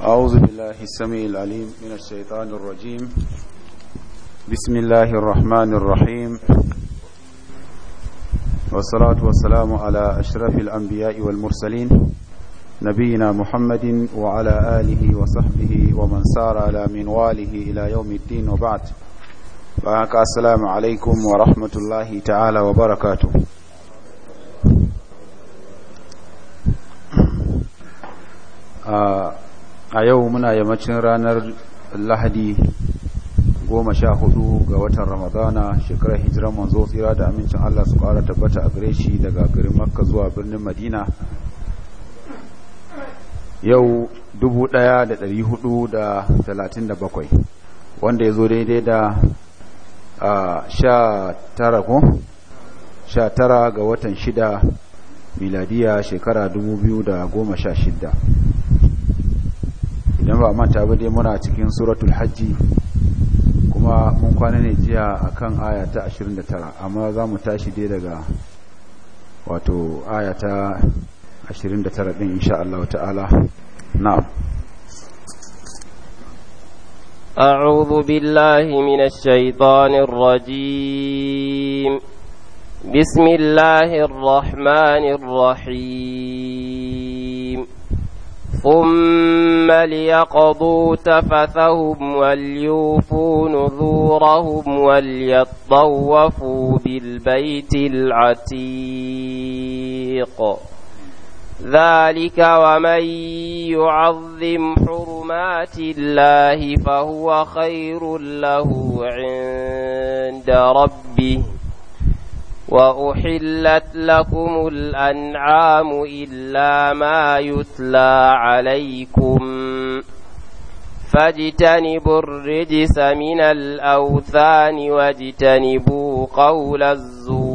أعوذ بالله السميع العليم من الشيطان الرجيم بسم الله الرحمن الرحيم والصلاة والسلام على أشرف الأنبياء والمرسلين نبينا محمد وعلى آله وصحبه ومن سار على منواله إلى يوم الدين وبعد بارك السلام عليكم ورحمة الله تعالى وبركاته آه a yau muna yammacin ranar lahadi goma sha hudu ga watan ramadana shekarar hijiran manzo tsira da amincin allah su kara tabbata a gare shi daga garin makka zuwa birnin madina yau dubu da da da hudu talatin bakwai wanda ya zo daidai da sha tara ko sha tara ga watan shida miladiya shekara dubu biyu da goma sha shida idan ba manta ba dai muna cikin suratul hajji kuma mun kwana ne jiya akan aya ta 29 amma za mu tashi dai daga wato aya ta 29 din insha Allah ta'ala na'am أعوذ بالله من الشيطان الرجيم بسم الله الرحمن الرحيم ثم ليقضوا تفثهم وليوفوا نذورهم وليطوفوا بالبيت العتيق ذلك ومن يعظم حرمات الله فهو خير له عند ربه وأحلت لكم الأنعام إلا ما يتلى عليكم فاجتنبوا الرجس من الأوثان واجتنبوا قول الزور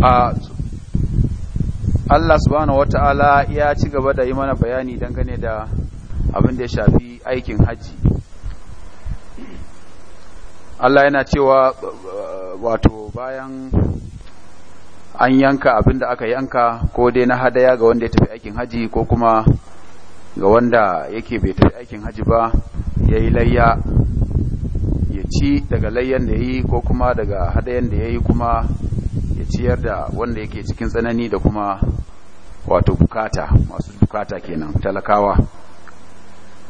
Allah subhanahu wa ta’ala ya ci gaba da yi mana bayani dangane da abin da ya shafi aikin hajji Allah yana cewa wato bayan an yanka abin da aka yanka ko dai na hadaya ga wanda ya tafi aikin haji ko kuma ga wanda yake bai tafi aikin haji ba ya yi layya ya ci daga layyan da ya yi ko kuma daga hadayan da ya yi kuma ya ciyar da wanda yake cikin tsanani da kuma wato bukata masu bukata kenan talakawa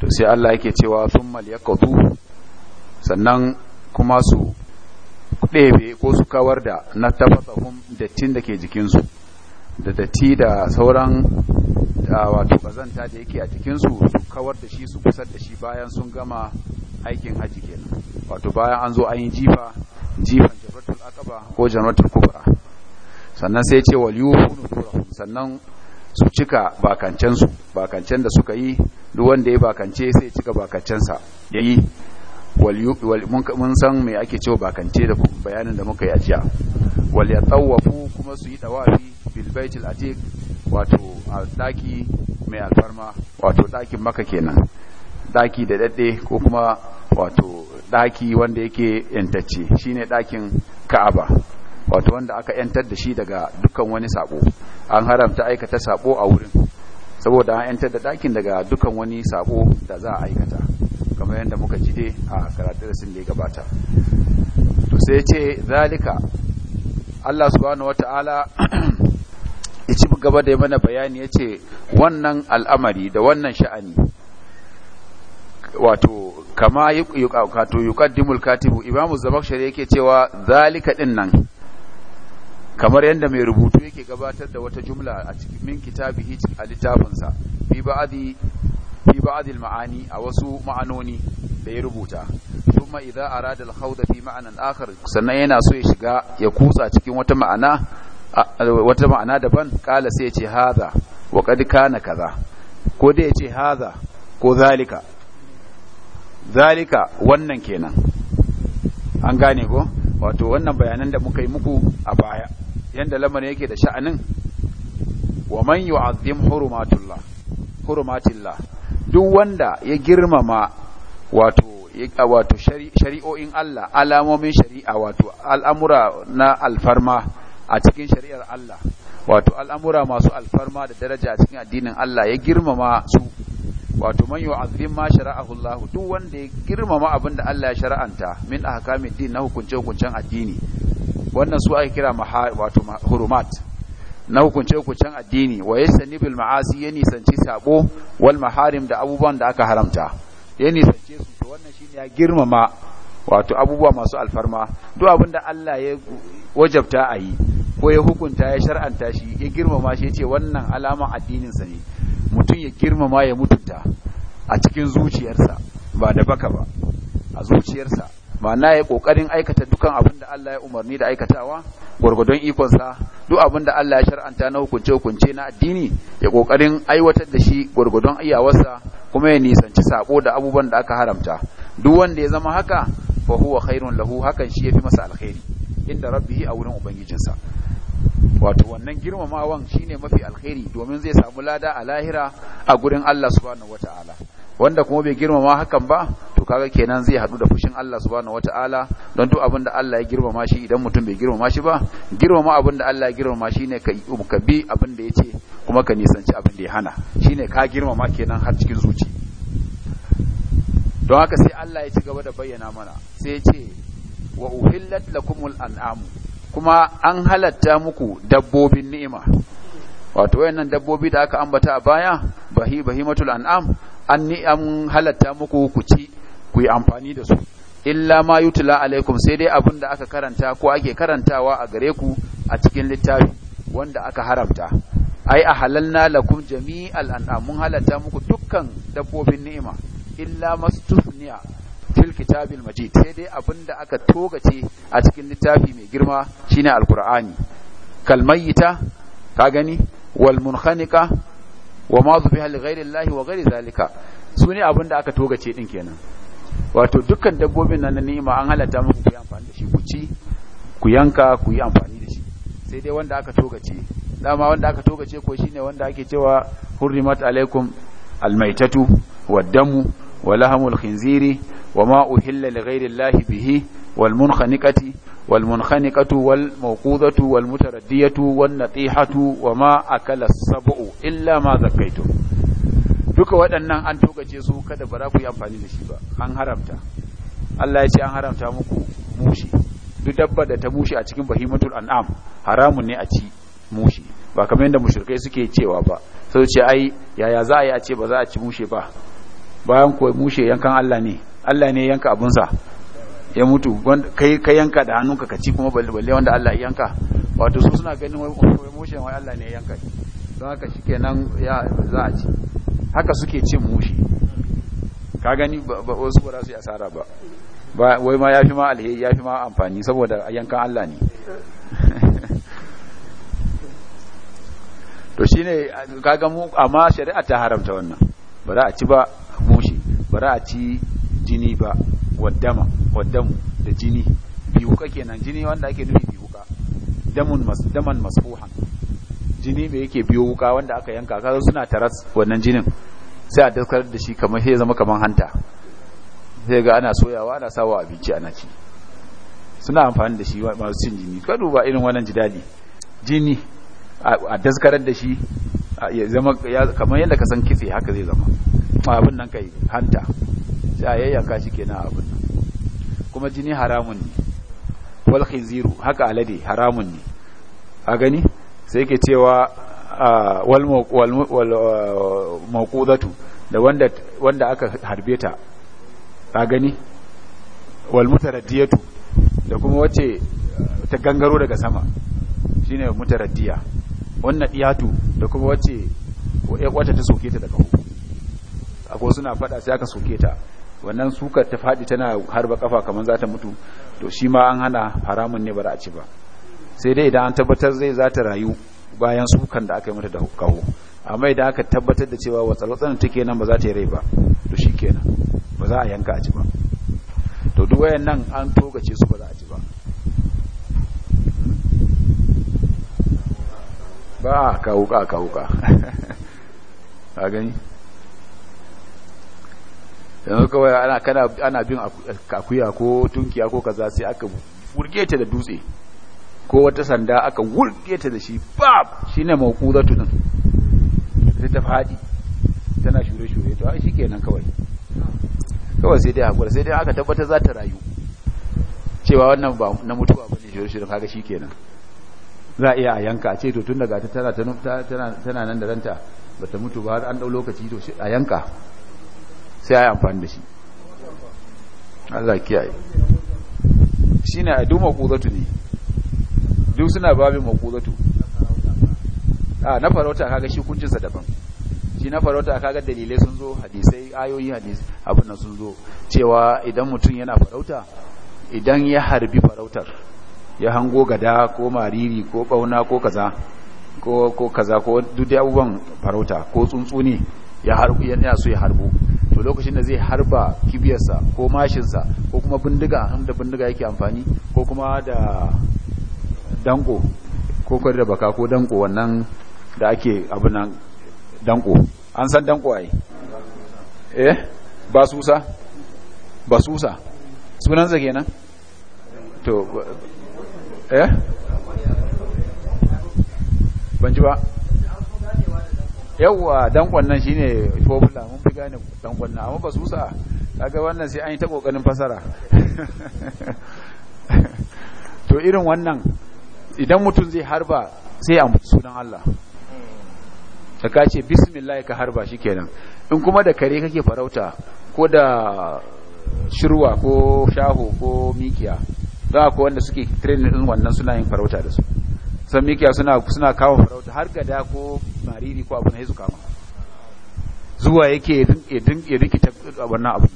to sai Allah yake cewa sun mal yakatu sannan kuma su ɗebe ko su kawar da na tafasahun dattin da ke jikinsu da datti da sauran wato kazanta da yake a jikinsu su kawar da shi su kusa da shi bayan sun gama aikin hajji kenan wato bayan an zo an yi jifa jifan jamratul akaba ko jamratul kubra sannan sai ce wal yuhunu sannan su cika bakancensu bakancen da suka yi duk wanda ya bakance sai cika bakancensa yayi mun san mai ake cewa bakance da bayanin da muka yi ajiya wal yatawafu kuma su yi tawafi bil a atiq wato a daki mai alfarma wato dakin maka kenan daki da dadde ko kuma wato daki wanda yake yantacce shine dakin ka'aba wato wanda aka yantar da shi daga dukkan wani sabo an haramta aikata sabo a wurin saboda an yantar da dakin daga dukkan wani sabo da za a aikata kamar yadda muka ji dai a karatun da ya gabata to sai ya ce zalika Allah subhanahu wata'ala ya ci gaba da mana bayani ya ce wannan al'amari da wannan sha'ani wato kama yuqaddimul katibu imamu zamakshari yake cewa zalika din nan kamar yadda mai rubutu yake gabatar da wata jumla a cikin min kitabihi a littafinsa fi ba'adi fi ba'dil ma'ani a wasu ma'anoni da ya rubuta kuma idza arada al-khawd fi ma'anan akhar sannan yana so ya shiga ya kutsa cikin wata ma'ana wata ma'ana daban kala sai ya ce hadha wa qad kana kaza ko dai ya ce hadha ko zalika zalika wannan kenan an gane ko wato wannan bayanan da muka yi muku a baya yanda lamarin yake da sha'anin wa man yu'azzim hurumatullah hurumatillah duk wanda ya girmama wato wato shari'o'in Allah alamomin shari'a wato al'amura na alfarma a cikin shari'ar Allah wato al'amura masu alfarma da daraja a cikin addinin Allah ya girmama su wato man yu'azzim ma shara'ahu Allah duk wanda ya girmama abin da Allah ya shara'anta min ahkamiddin din na hukunce hukuncen addini wannan su ake kira wato hurumat na hukunce hukuncen addini wa bil ma'asi ya nisanci sabo wal maharim da abubuwan da aka haramta ya nisance su to wannan ne ya girmama wato abubuwa masu alfarma duk abin da Allah ya wajabta a yi ko ya hukunta ya shar'anta shi ya girmama shi ce wannan alaman addininsa ne mutum ya girmama ya mutunta a cikin zuciyarsa ba da baka ba a zuciyarsa ma'ana ya kokarin aikata dukan abin da Allah ya umarni da aikatawa gurgudun ikonsa duk abin da Allah ya shar'anta na hukunce hukunce na addini ya kokarin aiwatar da shi gurgudun iyawarsa kuma ya nisanci sako da abubuwan da aka haramta duk wanda ya zama haka fa huwa khairun lahu hakan shi yafi masa alkhairi inda rabbihi a wurin ubangijinsa wato wannan girmamawan shine mafi alkhairi domin zai samu lada a lahira a gurin Allah subhanahu wataala wanda kuma bai girmama hakan ba to kaga kenan zai hadu da fushin Allah subhanahu wataala don duk abin da Allah ya girmama shi idan mutum bai girmama shi ba girmama abin da Allah ya girmama shi ne ka ka bi abin da yace kuma ka nisanci abin da ya hana shine ka girmama kenan har cikin zuci don haka sai Allah ya ci gaba da bayyana mana sai ya ce wa uhillat lakumul an'am kuma an halatta muku dabbobin ni'ima wato wayannan dabbobi da aka ambata a baya bahi bahimatul an'am an ni am halatta muku ku ci ku yi amfani da su illa ma yutla alaikum sai dai abin da aka karanta ko ake karantawa a gare ku a cikin littafi wanda aka haramta ai a halalna lakum jami'al an'am mun halatta muku dukkan dabbobin ni'ima illa mastufniya fil kitabil majid sai dai abin da aka togace a cikin littafi mai girma shine alqur'ani kalmayita ka gani wal munkhaniqa wa ma zubiha li ghairi llahi wa da aka togace din kenan wato dukkan dabbobin nan na ni'ima an halatta muku ku yi amfani da shi ku ci ku yanka ku yi amfani da shi sai dai wanda aka togace dama wanda aka togace ko shine wanda ake cewa hurrimat alaikum almaitatu waddamu wa lahamul khinziri wa ma uhilla li llahi bihi wal munkhaniqati والمنخنقة والموقوذة والمتردية والنطيحة وما أكل السبع إلا ما ذكيتم duka waɗannan an tokace su kada ba za ku yi amfani da shi ba an haramta Allah ya ce an haramta muku mushi duk dabba da ta mushi a cikin bahimatul an'am haramun ne a ci mushi ba kamar yadda mushrikai suke cewa ba sai ce ai yaya za a yi a ce ba za a ci mushi ba bayan ko mushe yankan Allah ne Allah ne yanka abunsa ya mutu kai ka yanka da hannunka ka ci kuma balle wanda Allah ya yanka wato su suna ganin wai mushe wai Allah ne ya yanka don haka shikenan ya za a ci haka suke cin mushi ka gani ba wasu ba za su yi asara ba wai ma ya fi ma alheri ya fi ma amfani saboda yankan Allah ne to shi ne kaga mu amma shari'a ta haramta wannan ba za a ci ba mushi ba za a ci jini ba waddama waddamu da jini biwuka kenan jini wanda ake nufi biwuka damun mas daman masfuhan jini me yake biyo wuka wanda aka yanka kaga suna taras wannan jinin sai a daskar da shi kamar sai zama kamar hanta sai ga ana soyawa ana sawa abinci ana ci suna amfani da shi masu cin jini ka duba irin wannan jidali jini a daskar da shi ya zama kamar yadda ka san kitse haka zai zama abin nan kai hanta sai a yayyaka shi kenan abin nan kuma jini haramun ne wal khinziru haka alade haramun ne a gani sai yake cewa wal mawqudatu da wanda wanda aka harbe ta a gani wal mutaraddiyatu da kuma wacce ta gangaro daga sama shine mutaraddiya wannan diyatu da kuma wacce wata ta soke ta daga hu akwai suna fada sai aka soke ta wannan sukar ta faɗi tana harba kafa kamar za ta mutu to shi ma an hana haramun ne ba a ci ba sai dai idan an tabbatar zai za ta rayu bayan sukan da aka yi mata da kaho amma idan aka tabbatar da cewa ta ke nan ba za ta yi rai ba to shi kenan ba za a yanka a ci ba to duk wayan nan an togace su ba za a ci ba ba a kawuka ka kawuka a gani yanzu kawai ana bin akuya ko tunkiya ko kaza sai aka wurge ta da dutse ko wata sanda aka wurge ta da shi bab shine mawqudatu nan sai ta fadi tana shure shure to ai shikenan kawai kawai sai dai hakura sai dai aka tabbatar za ta rayu cewa wannan ba na mutuwa bane shure shure kaga shikenan za a iya a yanka a ce to tun daga ta tana tana nan da ranta bata mutu ba har an dau lokaci to a yanka sai ya yi amfani da shi Allah kiyaye shi a duma kuzatu ne duk suna babin makuzatu a ah, na farauta kaga shi kuncinsa daban shi na farauta kaga dalilai sun zo hadisai ayoyi hadis, abin nan sun zo cewa idan mutum yana farauta idan ya harbi farautar ya hango gada ko mariri ko bauna ko kaza ko kaza ko duk abubuwan farauta ko tsuntsu ne ya harbu yana so ya harbu lokacin da zai harba kibiyarsa ko mashinsa ko kuma bindiga hannun da bindiga yake amfani ko kuma da danko ko kwari da baka ko danko wannan da ake abinan danko an san danko ai eh basusa basusa sunansa kenan to eh ban ji ba yawwa dan nan shine formula mun fi gane dankon nan amma ba su sa kaga wannan sai an yi ta kokarin fasara to irin wannan idan mutum zai harba sai a sunan Allah da ka bismillah ka harba shikenan in kuma da kare kake farauta ko da shirwa ko shaho ko mikiya za ko wanda suke training din wannan suna yin farauta da su san mikiya suna suna kawo farauta har gada ko mariri ko abu na hizu kama zuwa yake ya rikita wannan abu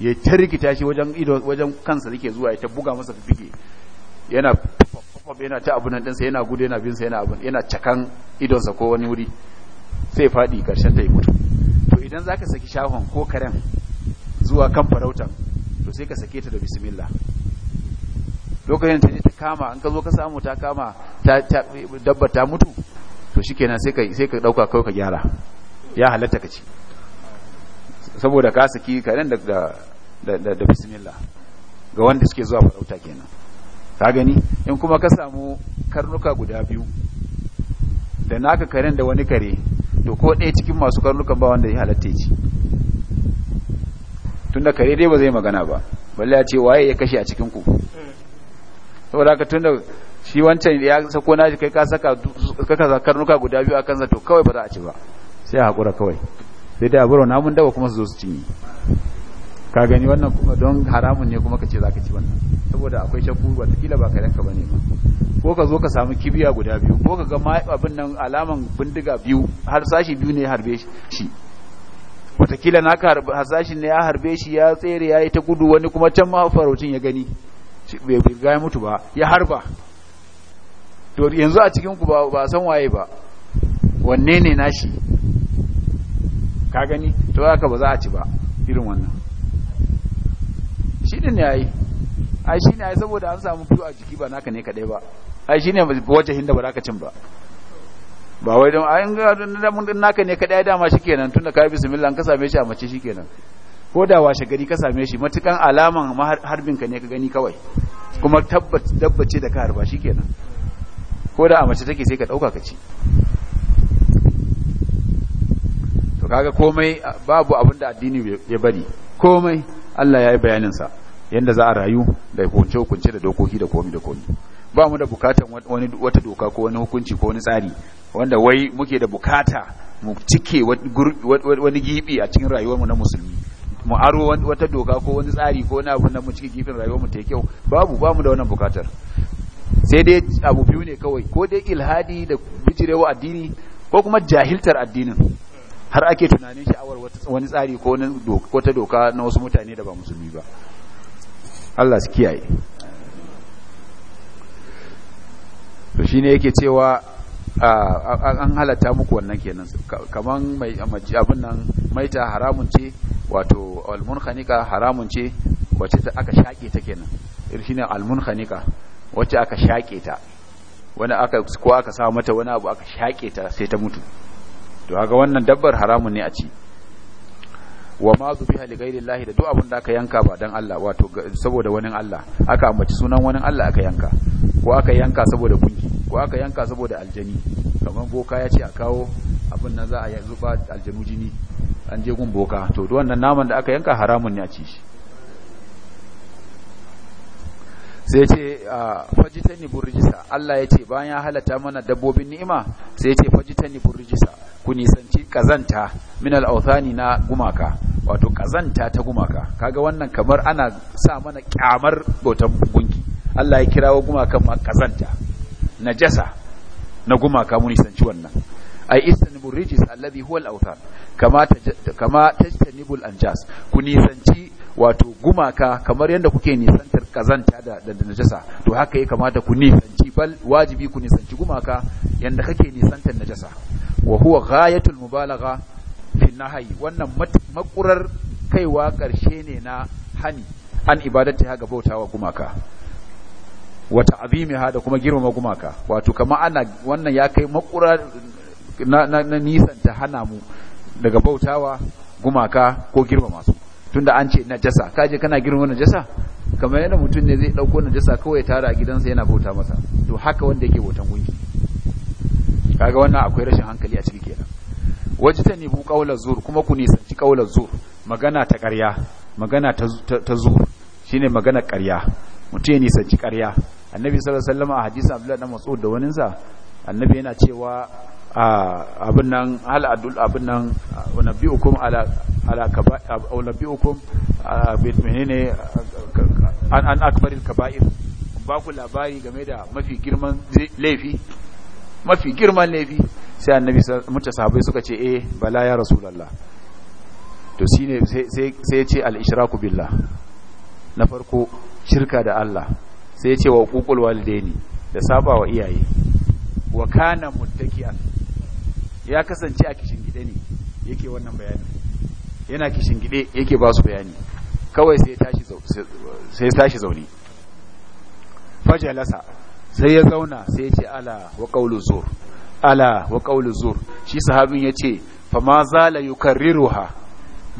ya ta rikita shi wajen ido wajen kansa yake zuwa ya ta buga masa fifike yana pop yana ta abu nan dinsa yana gudu yana binsa yana abu yana cakan idonsa ko wani wuri sai faɗi ƙarshen ta yi mutu to idan za ka saki shahon ko karen zuwa kan farautan to sai ka sake ta da bismillah lokacin ta ta kama an ka zo ka samu ta kama dabba ta mutu to shikenan sai ka sai ka dauka kawai ka gyara ya halatta ka ci saboda ka saki karen da da da bismillah ga wanda suke zuwa farauta kenan ka gani in kuma ka samu karnuka guda biyu da naka karen da wani kare to ko ɗaya cikin masu karnukan ba wanda ya halatta ci tunda kare dai ba zai magana ba balle ya ce waye ya kashe a cikin ku hmm. saboda tun tunda shi wancan ya sako shi kai ka saka kaka karnuka guda biyu a kansa to kawai ba za a ci ba sai hakura kawai sai dai aburo namun dawa kuma su zo su cinye ka gani wannan kuma don haramun ne kuma ka ce za ka ci wannan saboda akwai shakku kila ba ka ranka ba ne ba ko ka zo ka samu kibiya guda biyu ko ka ga abin nan alaman bindiga biyu har sashi biyu ne ya harbe shi watakila naka hasashin ne ya harbe shi ya tsere ya yi ta gudu wani kuma can ma farautin ya gani bai ga ya mutu ba ya harba to yanzu a cikin ku ba san waye ba wanne ne nashi ka gani to haka ba za a ci ba irin wannan shi din ne ai ai shine ai saboda an samu biyu a jiki ba naka ne kadai ba ai shine wace hinda ba zaka cin ba ba wai don ai ga dan naka ne kadai dama shikenan tunda ka bismillah an ka same shi a mace shikenan ko da washe gari ka same shi matukan alaman harbinka ne ka gani kawai kuma tabbace da ka harba shi kenan ko da a mace take sai ka ɗauka ka ci to kaga komai babu abin da addini ya bari komai Allah ya yi bayanin sa yadda za a rayu da hukunce-hukunce da dokoki da komi da komi ba mu da bukatan wani wata doka ko wani hukunci ko wani tsari wanda wai muke da bukata mu cike wani gibi a cikin rayuwarmu na musulmi mu aro wata doka ko wani tsari ko wani abu na mu cikin gifin rayuwar mu ta kyau babu ba mu da wannan bukatar sai dai abu biyu ne kawai ko dai ilhadi da bijirewa addini ko kuma jahiltar addinin har ake tunanin sha'awar wani tsari ko wata doka na wasu mutane da ba musulmi ba Allah su kiyaye to shine yake cewa an halatta muku wannan kenan kaman mai abin nan maita haramun ce wato almunhanika haramun ce wacce ta aka shaƙe ta kenan almun almunhanika wacce aka shaƙe ta wani aka ko aka sa mata wani abu aka shake ta sai ta mutu to kaga wannan dabbar haramun ne a ci wa ma zubiha li ghairi llahi da duk abin da aka yanka ba dan Allah wato saboda wani Allah aka ambaci sunan wani Allah aka yanka ko aka yanka saboda gunki ko aka yanka saboda aljani kamar boka ya ce a kawo abin nan za a yi zuba aljanu jini an je gun boka to duk wannan naman da aka yanka haramun ne a ci shi sai ce fajitani burjisa Allah ya ce bayan ya halatta mana dabbobin ni'ima sai ya ce fajitani burjisa ku nisanci kazanta min al'authani na gumaka wato kazanta ta gumaka kaga wannan kamar ana sa mana kyamar botan gunki Allah ya kirawo gumakan ma kazanta najasa na gumaka mu nisanci wannan ai istanbul rijis alladhi huwa al ta kama kama tajtanibul anjas ku nisanci wato gumaka kamar yadda kuke nisantar kazanta da da najasa to haka ya kamata ku nisanci bal wajibi ku nisanci gumaka yadda kake nisantar najasa wa huwa ghayatul mubalagha fi nahyi wannan makurar kaiwa karshe ne na hani an ta ya ga bautawa gumaka wa ta'zimiha da kuma girmama gumaka wato kama ana wannan ya kai makurar na, na, nisan ta hana mu daga bautawa gumaka ko girmama su tunda an ce najasa kaje kana girma najasa kamar yadda mutum ne zai dauko najasa kawai tara a gidansa yana bauta masa to haka wanda yake bautan gunki kaga wannan akwai rashin hankali a cikin kenan ne bu kaular zuhur kuma ku nisanci kaular zuhur magana ta ƙarya magana ta, ta, shine magana ƙarya mutum ya nisanci ƙarya annabi sallallahu alaihi wasallam a hadisi abdullahi dan mas'ud da waninsa annabi yana cewa abin nan al'adul abin nan unabbi'ukum ala ala kaba unabbi'ukum bi menene an akbarin akbaril kaba'ir ba ku labari game da mafi girman laifi mafi girman laifi sai annabi mutu sahabbai suka ce eh bala ya lalla to shine sai sai ce al-ishraku billah na farko shirka da Allah sai ya ce wa uqul da saba wa iyaye wa kana muttaki'an ya kasance a kishin gide ne yake wannan bayani yana kishin gide yake ba su bayani kawai sai tashi sai tashi zaune fajalasa sai ya zauna sai ya ce ala wa qawlu zur ala wa qawlu zur shi sahabin yace fa ma zala yukarriruha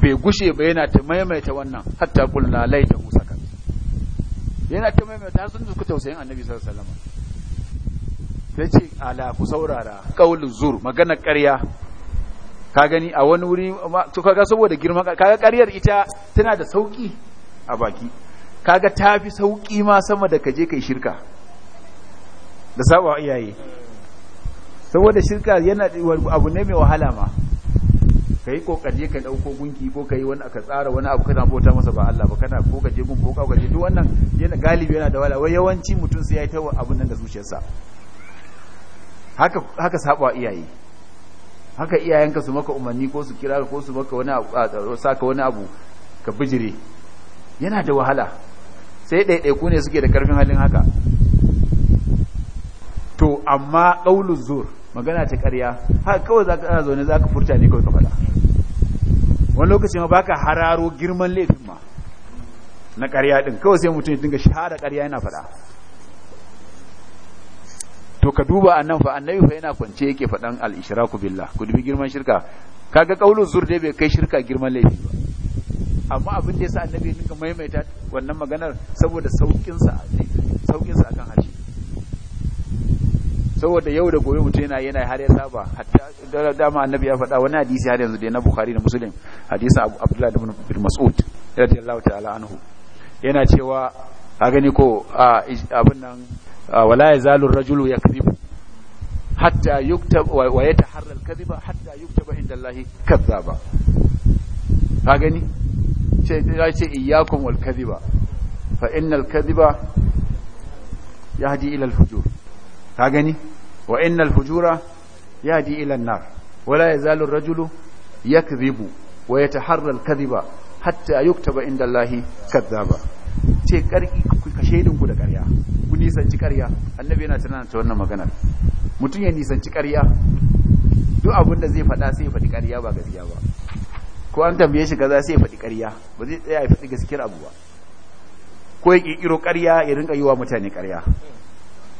bai gushe ba yana ta maimaita wannan hatta qulna laita musaka yana ta maimaita sun suka tausayin annabi sallallahu alaihi wasallam sai ala ku saurara kaulin zur magana ƙarya ka gani a wani wuri to kaga saboda girman kaga ƙaryar ita tana da sauki a baki kaga tafi sauki ma sama da kaje kai shirka da saba iyaye saboda shirka yana da abu ne mai wahala ma ka yi kokari ka dauko gunki ko ka wani aka tsara wani abu kana bauta masa ba Allah ba kana ko kaje gunki gun ko ka duk wannan yana galibi yana da wala wai yawanci mutum sai ya yi ta abun nan da zuciyarsa haka haka sabuwa iyaye haka iyayenka su maka umarni ko su kira ko su maka wani abu saka wani abu ka bijire yana da wahala sai ku ne suke da karfin halin haka to amma qaulul zur magana ta ƙarya haka kawai za ka zaune za ka furta ne kawai ka faɗa wani lokaci ma baka hararo girman laifin ma na ƙarya din kawai sai mutum ya dinga shahara ƙarya yana faɗa to ka duba annan fa annabi fa yana kwance yake faɗan al-ishraku billah ku dubi girman shirka kaga kaulun zur zurde bai kai shirka girman laifi ba amma abin da yasa annabi dinka maimaita wannan maganar saboda saukin a saukin harshe saboda yau da gobe mutum yana yana har ya saba hatta dama annabi ya faɗa wani hadisi har yanzu da na bukhari da muslim hadisin abu abdullahi ibn mas'ud radiyallahu ta'ala anhu yana cewa a gani ko abin nan آه، ولا يزال الرجل يكذب حتى يكتب ويتحرى الكذب حتى يكتب عند الله كذابا فاغني شيء اياكم والكذب فان الكذب يهدي الى الفجور فاغني وان الفجور يهدي الى النار ولا يزال الرجل يكذب ويتحرى الكذب حتى يكتب عند الله كذابا ce karki ku kashe ku da ƙarya ku nisanci ƙarya annabi yana tunan ta wannan maganar mutum ya nisanci ƙarya duk abin da zai faɗa sai ya faɗi ƙarya ba gaskiya ba ko an tambaye shi kaza sai ya faɗi ƙarya ba zai tsaya ya faɗi gaskiyar abu ba ko ya ƙirƙiro ƙarya ya rinka yi wa mutane ƙarya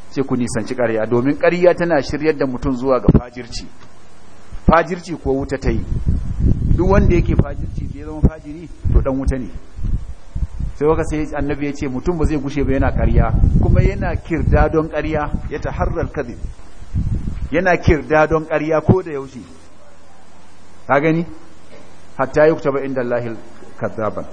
sai ku nisanci ƙarya domin ƙarya tana shiryar da mutum zuwa ga fajirci fajirci ko wuta ta yi duk wanda yake fajirci da ya zama fajiri to dan wuta ne sai waka sai annabi ya ce mutum ba zai gushe ba yana karya kuma yana kirda don ƙarya ya ta harar kadhib yana kirda don karya ko da yaushe ta gani hatta ba inda Allahil kadhaban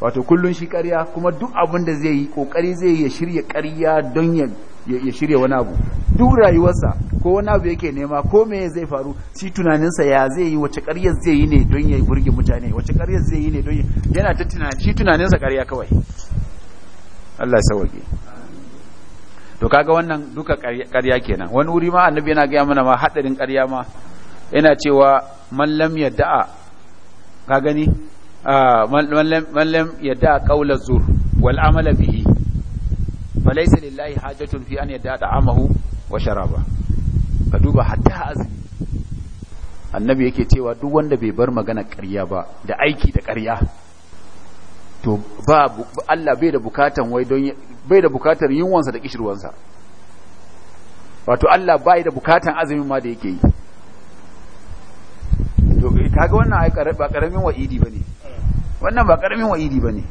wato kullum shi karya kuma duk abin da zai yi ƙoƙari zai ya shirya karya don ya ya shirya wani abu duk rayuwarsa ko wani abu yake nema ko me zai faru shi tunaninsa ya zai yi wace ƙaryar zai yi ne don ya burge mutane wace ƙaryar zai yi ne don yana ta tunani shi tunaninsa ƙarya kawai Allah ya sauke to kaga wannan duka ƙarya kenan wani wuri ma annabi yana gaya mana ma hadarin ƙarya ma yana cewa man lam yadda ka gani ah, man lam yadda'a qawla zur wal amala bihi falaysa lillahi hajatun fi an yadda da'amahu wa sharaba ka duba hatta azumi annabi yake cewa duk wanda bai bar magana ƙarya ba da aiki da ƙarya to ba Allah bai da bukatan wai don bai da bukatar yunwansa da kishirwansa wato Allah bai da bukatan azumin ma da yake yi to kaga wannan ba karamin wa'idi bane wannan ba karamin wa'idi bane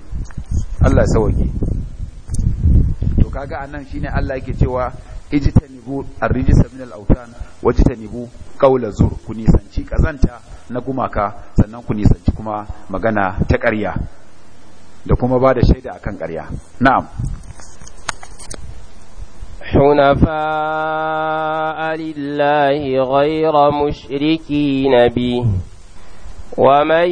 Allah ya sauke to kaga anan ne Allah yake cewa ijtanibu ar-rijsa min al-awtan wajtanibu qawla zur ku nisanci kazanta na gumaka sannan ku nisanci kuma magana ta ƙarya da kuma ba da shaida a kan ƙarya na'am حنفاء لله غير مشركين به ومن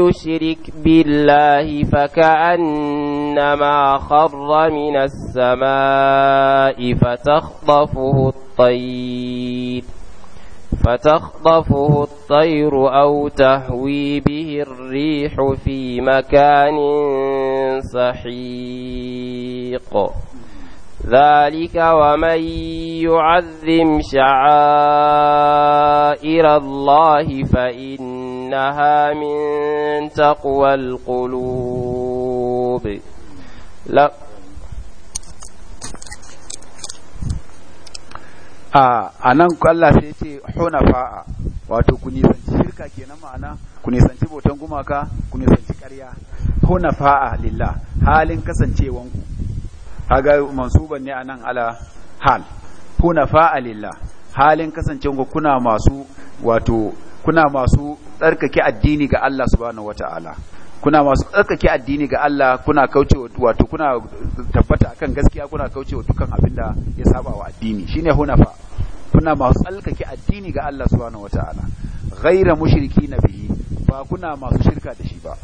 يشرك بالله فكأنما خر من السماء فتخطفه الطير فتخطفه الطير أو تهوي به الريح في مكان سحيق ذلك ومن يعظم شعائر الله فإنها من تقوى القلوب لا a nan Allah sai ce fa'a wato ku nisanci shirka ke kenan ma'ana ku nisanci botan gumaka ku nisanci ƙarya fa'a lilla halin kasancewanku kaga mansuban ne anan ala hal kuna fa'alillah halin kasancewa kuna masu wato kuna masu tsarkake addini ga Allah subhanahu wataala kuna masu tsarkake addini ga Allah kuna kauce wato kuna tabbata akan gaskiya kuna kauce wa dukkan abin da ya saba wa addini shine hunafa kuna masu tsarkake addini ga Allah subhanahu wataala ghaira mushriki nabi ba kuna masu shirka da shi ba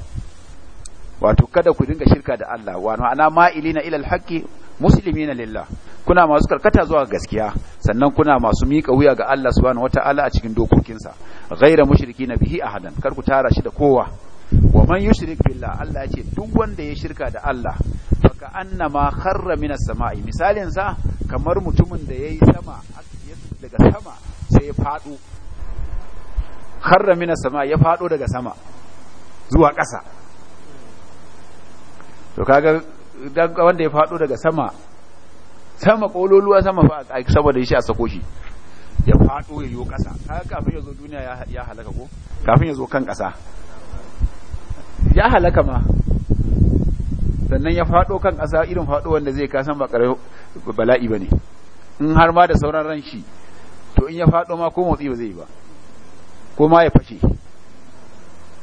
wato kada ku dinga shirka da Allah wa ma'ana ma'ilina ilal Musulmi muslimina lillah kuna masu karkata zuwa gaskiya sannan kuna masu mika wuya ga Allah subhanahu wata'ala a cikin dokokinsa ghaira na bihi ahadan kar ku tara shi da kowa wa man yushrik billah Allah ya ce duk wanda ya shirka da Allah faka annama kharra minas sama'i misalin sa kamar mutumin da yayi sama daga sama sai ya fadu kharra minas sama'i ya fado daga sama zuwa ƙasa to kaga wanda ya faɗo daga sama sama kololuwa sama fa a saboda shi a sako shi ya faɗo ya yo ƙasa kaga kafin ya zo duniya ya halaka ko kafin ya zo kan ƙasa ya halaka ma sannan ya faɗo kan ƙasa irin faɗo wanda zai kasan ba ƙarar bala'i ba ne in har ma da sauran ran shi to in ya faɗo ma ko motsi ba zai ba ko ma ya fashe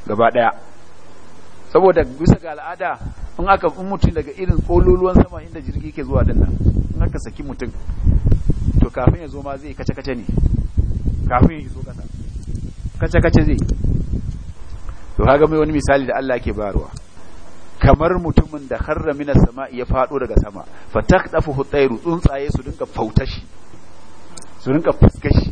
gaba ɗaya saboda bisa ga al'ada in aka in mutum daga irin kololuwan sama inda jirgi ke zuwa dinnan in aka saki mutum to kafin ya zo ma zai kace kace ne kafin ya zo kasa kace kace zai to kaga mai wani misali da Allah yake bayarwa kamar mutumin da harra mina sama ya fado daga sama fa taqdafu hutairu tsuntsaye su dinka fautashi su dinka fuskashi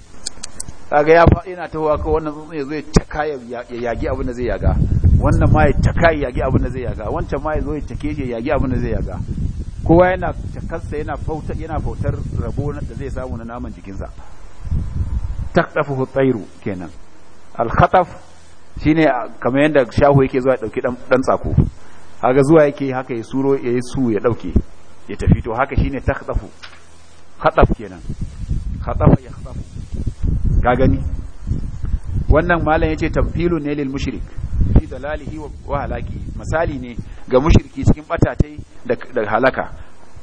kaga ya fa yana tawa ka wannan tsuntsaye zai taka ya yagi abin da zai yaga wannan ma ya taka ya yagi abin da zai yaga wancan ma ya zo ya take shi ya yagi abin da zai yaga kowa yana takarsa yana fautar yana fautar rabo da zai samu na naman jikinsa takdafu Hutsairu kenan al-khataf shine kamar yadda shahu yake zuwa dauki dan tsako haka zuwa yake haka ya suro ya su ya dauke ya tafi to haka shine takdafu khataf kenan khataf ya khataf ka gani wannan malam ce tamfilu ne lil mushrik fi dalalihi wa halaki misali ne ga mushriki cikin batatai da halaka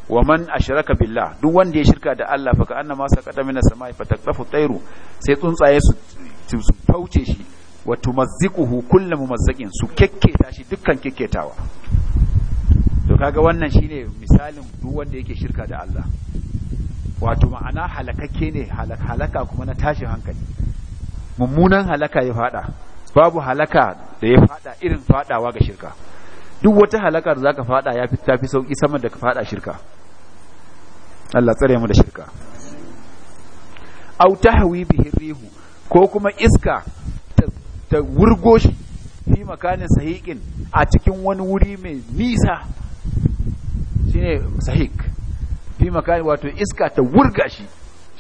wa man ashraka billah duk wanda ya shirka da Allah fa ka annama kada mina samai fataqtafu tayru sai tsuntsaye su su fauce shi wa tumazziquhu kullu mumazzaqin su kekketa shi dukkan kekketawa to kaga wannan shine misalin duk wanda yake shirka da Allah wato ma'ana halakakke ne halaka kuma na tashi hankali mummunan halaka ya fada babu halaka da ya fada irin fadawa ga shirka duk wata halakar za ka fada ya fi sauki sama da ka fada shirka Allah tsare mu da shirka au tahwi bihi rihu ko kuma iska ta wurgo shi fi makanin sahiqin a cikin wani wuri mai nisa shine sahiq fi makanin wato iska ta wurga shi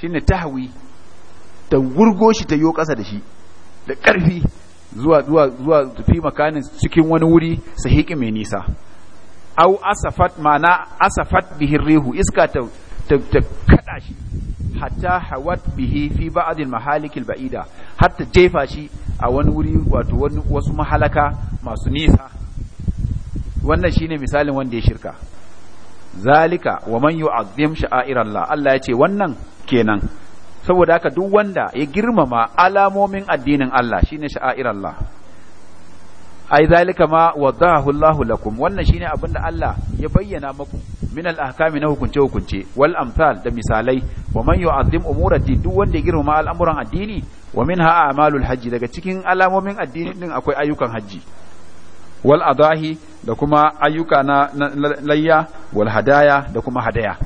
shine tahwi ta wurgo shi ta yo ƙasa da shi da ƙarfi zuwa zuwa zuwa fi makanin cikin wani wuri sahiqi mai nisa au asafat mana asafat bihi rihu iska ta ta, kada shi hatta hawat bihi fi ba'd al baida hatta jefa shi a wani wuri wato wasu mahalaka masu nisa wannan shine misalin wanda ya shirka zalika wa man yu'azzim sha'airallah Allah ya ce wannan kenan saboda haka duk wanda ya girmama alamomin addinin Allah shine sha'air Allah ai zalika ma wadahu Allah lakum wannan shine abin da Allah ya bayyana maku min al ahkami na hukunce hukunce wal amsal da misalai wa man yu'azzim umur duk wanda ya girmama al'amuran addini wa minha a'malul hajji daga cikin alamomin addini din akwai ayyukan hajji wal adahi da kuma ayyuka na layya wal hadaya da kuma hadaya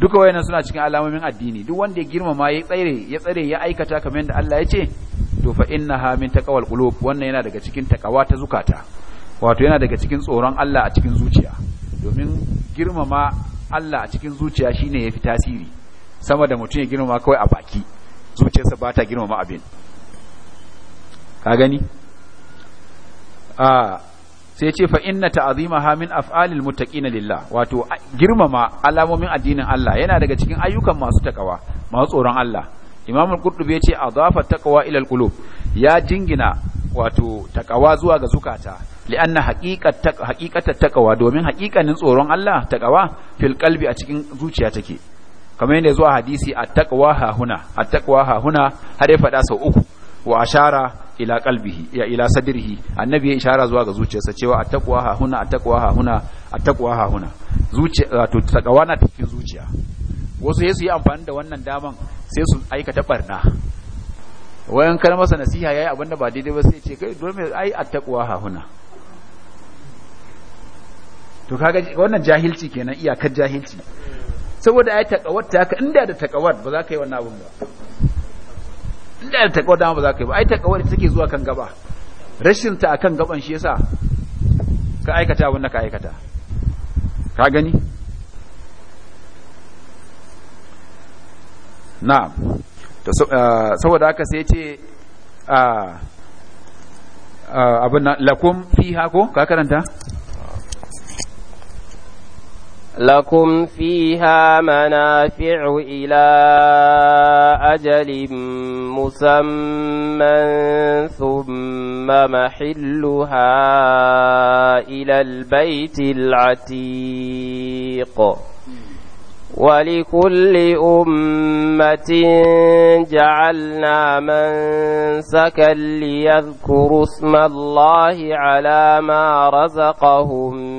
duka wayannan suna cikin alamomin addini duk wanda ya girmama ya tsare ya tsare ya aikata kamar yadda Allah ya ce to fa innaha min taqwal qulub wannan yana daga cikin takawa ta zukata wato yana daga cikin tsoron Allah a cikin zuciya domin girmama Allah a cikin zuciya shine yafi tasiri sama da mutum ya girmama kawai a baki zuciyarsa ba ta girmama abin ka gani a ah, sai ce fa inna ha min af'alil muttaqina lillah wato girmama alamomin addinin Allah yana daga cikin ayyukan masu takawa masu tsoron Allah Imam al-Qurtubi yace adafa taqwa ila al ya jingina wato takawa zuwa ga zukata li'anna haqiqat haqiqatat taqwa domin haqiqanin tsoron Allah takawa fil qalbi a cikin zuciya take kamar yadda zuwa hadisi at-taqwa ha huna at-taqwa ha huna har ya fada sau uku wa ashara ila qalbihi ya ila sadrihi annabi ya ishara zuwa ga zuciyarsa cewa attaqwa ha huna attaqwa ha huna attaqwa ha huna zuciya wato takawa na cikin zuciya wasu sai yi amfani da wannan daman sai su aikata barna wayan kar masa nasiha yayi abinda ba daidai ba sai ce kai domin ai attaqwa ha huna to kaga wannan jahilci kenan iyakar jahilci saboda ai takawar ta ka inda da takawar ba za ka yi wannan abun ba inda da takawa dama ba za ka yi ba ai takawa ita take zuwa kan gaba rashin ta akan gaban shi yasa ka aikata abin da ka aikata ka gani na to ah, saboda haka sai ce ah, ah, abin lakum fiha ko ka karanta لكم فيها منافع إلى أجل مسمى ثم محلها إلى البيت العتيق ولكل أمة جعلنا منسكا ليذكروا اسم الله على ما رزقهم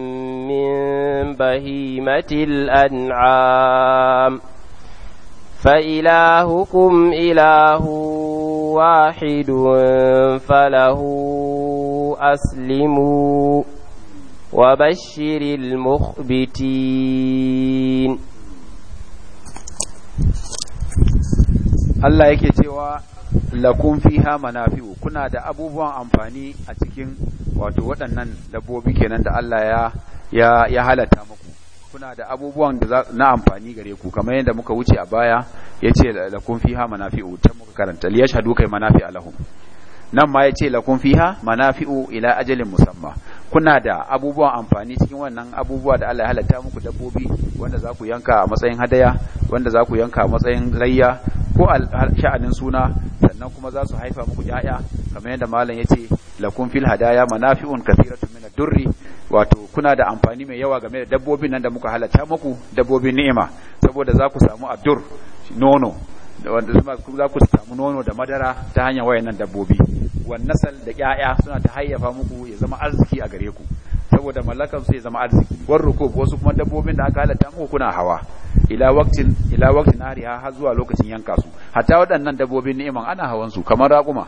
من بهيمة الأنعام فإلهكم إله واحد فله أسلموا وبشر المخبتين Allah yake cewa lakun fiha manafi'u kuna da abubuwan amfani a cikin wato waɗannan dabbobi kenan da Allah ya ya ya halatta muku kuna da abubuwan da na amfani gare ku kamar yadda muka wuce a baya yace la kun fiha manafi'u tamu muka karanta liyashhadu kai manafi'a lahum nan ma ya ce lakun fiha manafi'u ila ajalin musamma kuna da abubuwan amfani cikin wannan abubuwa da Allah ya halatta muku dabbobi wanda za ku yanka a matsayin hadaya wanda za ku yanka a matsayin layya ko sha'anin suna sannan kuma za su haifa muku ya'ya kamar yadda malam ya ce lakun fil hadaya manafi'un kathiratu min durri wato kuna da amfani mai yawa game da dabbobin nan da muka halatta muku dabbobin ni'ima saboda za ku samu ad-dur nono wanda zuma ku za ku samu nono da madara ta hanyar wayannan dabbobi wan nasal da ƴaƴa suna ta hayyafa muku ya zama arziki a gare ku saboda mallakan su ya zama arziki war rukub wasu kuma dabbobin da aka halatta muku kuna hawa ila waqtin ila waqtin ariha har zuwa lokacin yanka su hatta waɗannan dabbobin ni'iman ana hawan su kamar raƙuma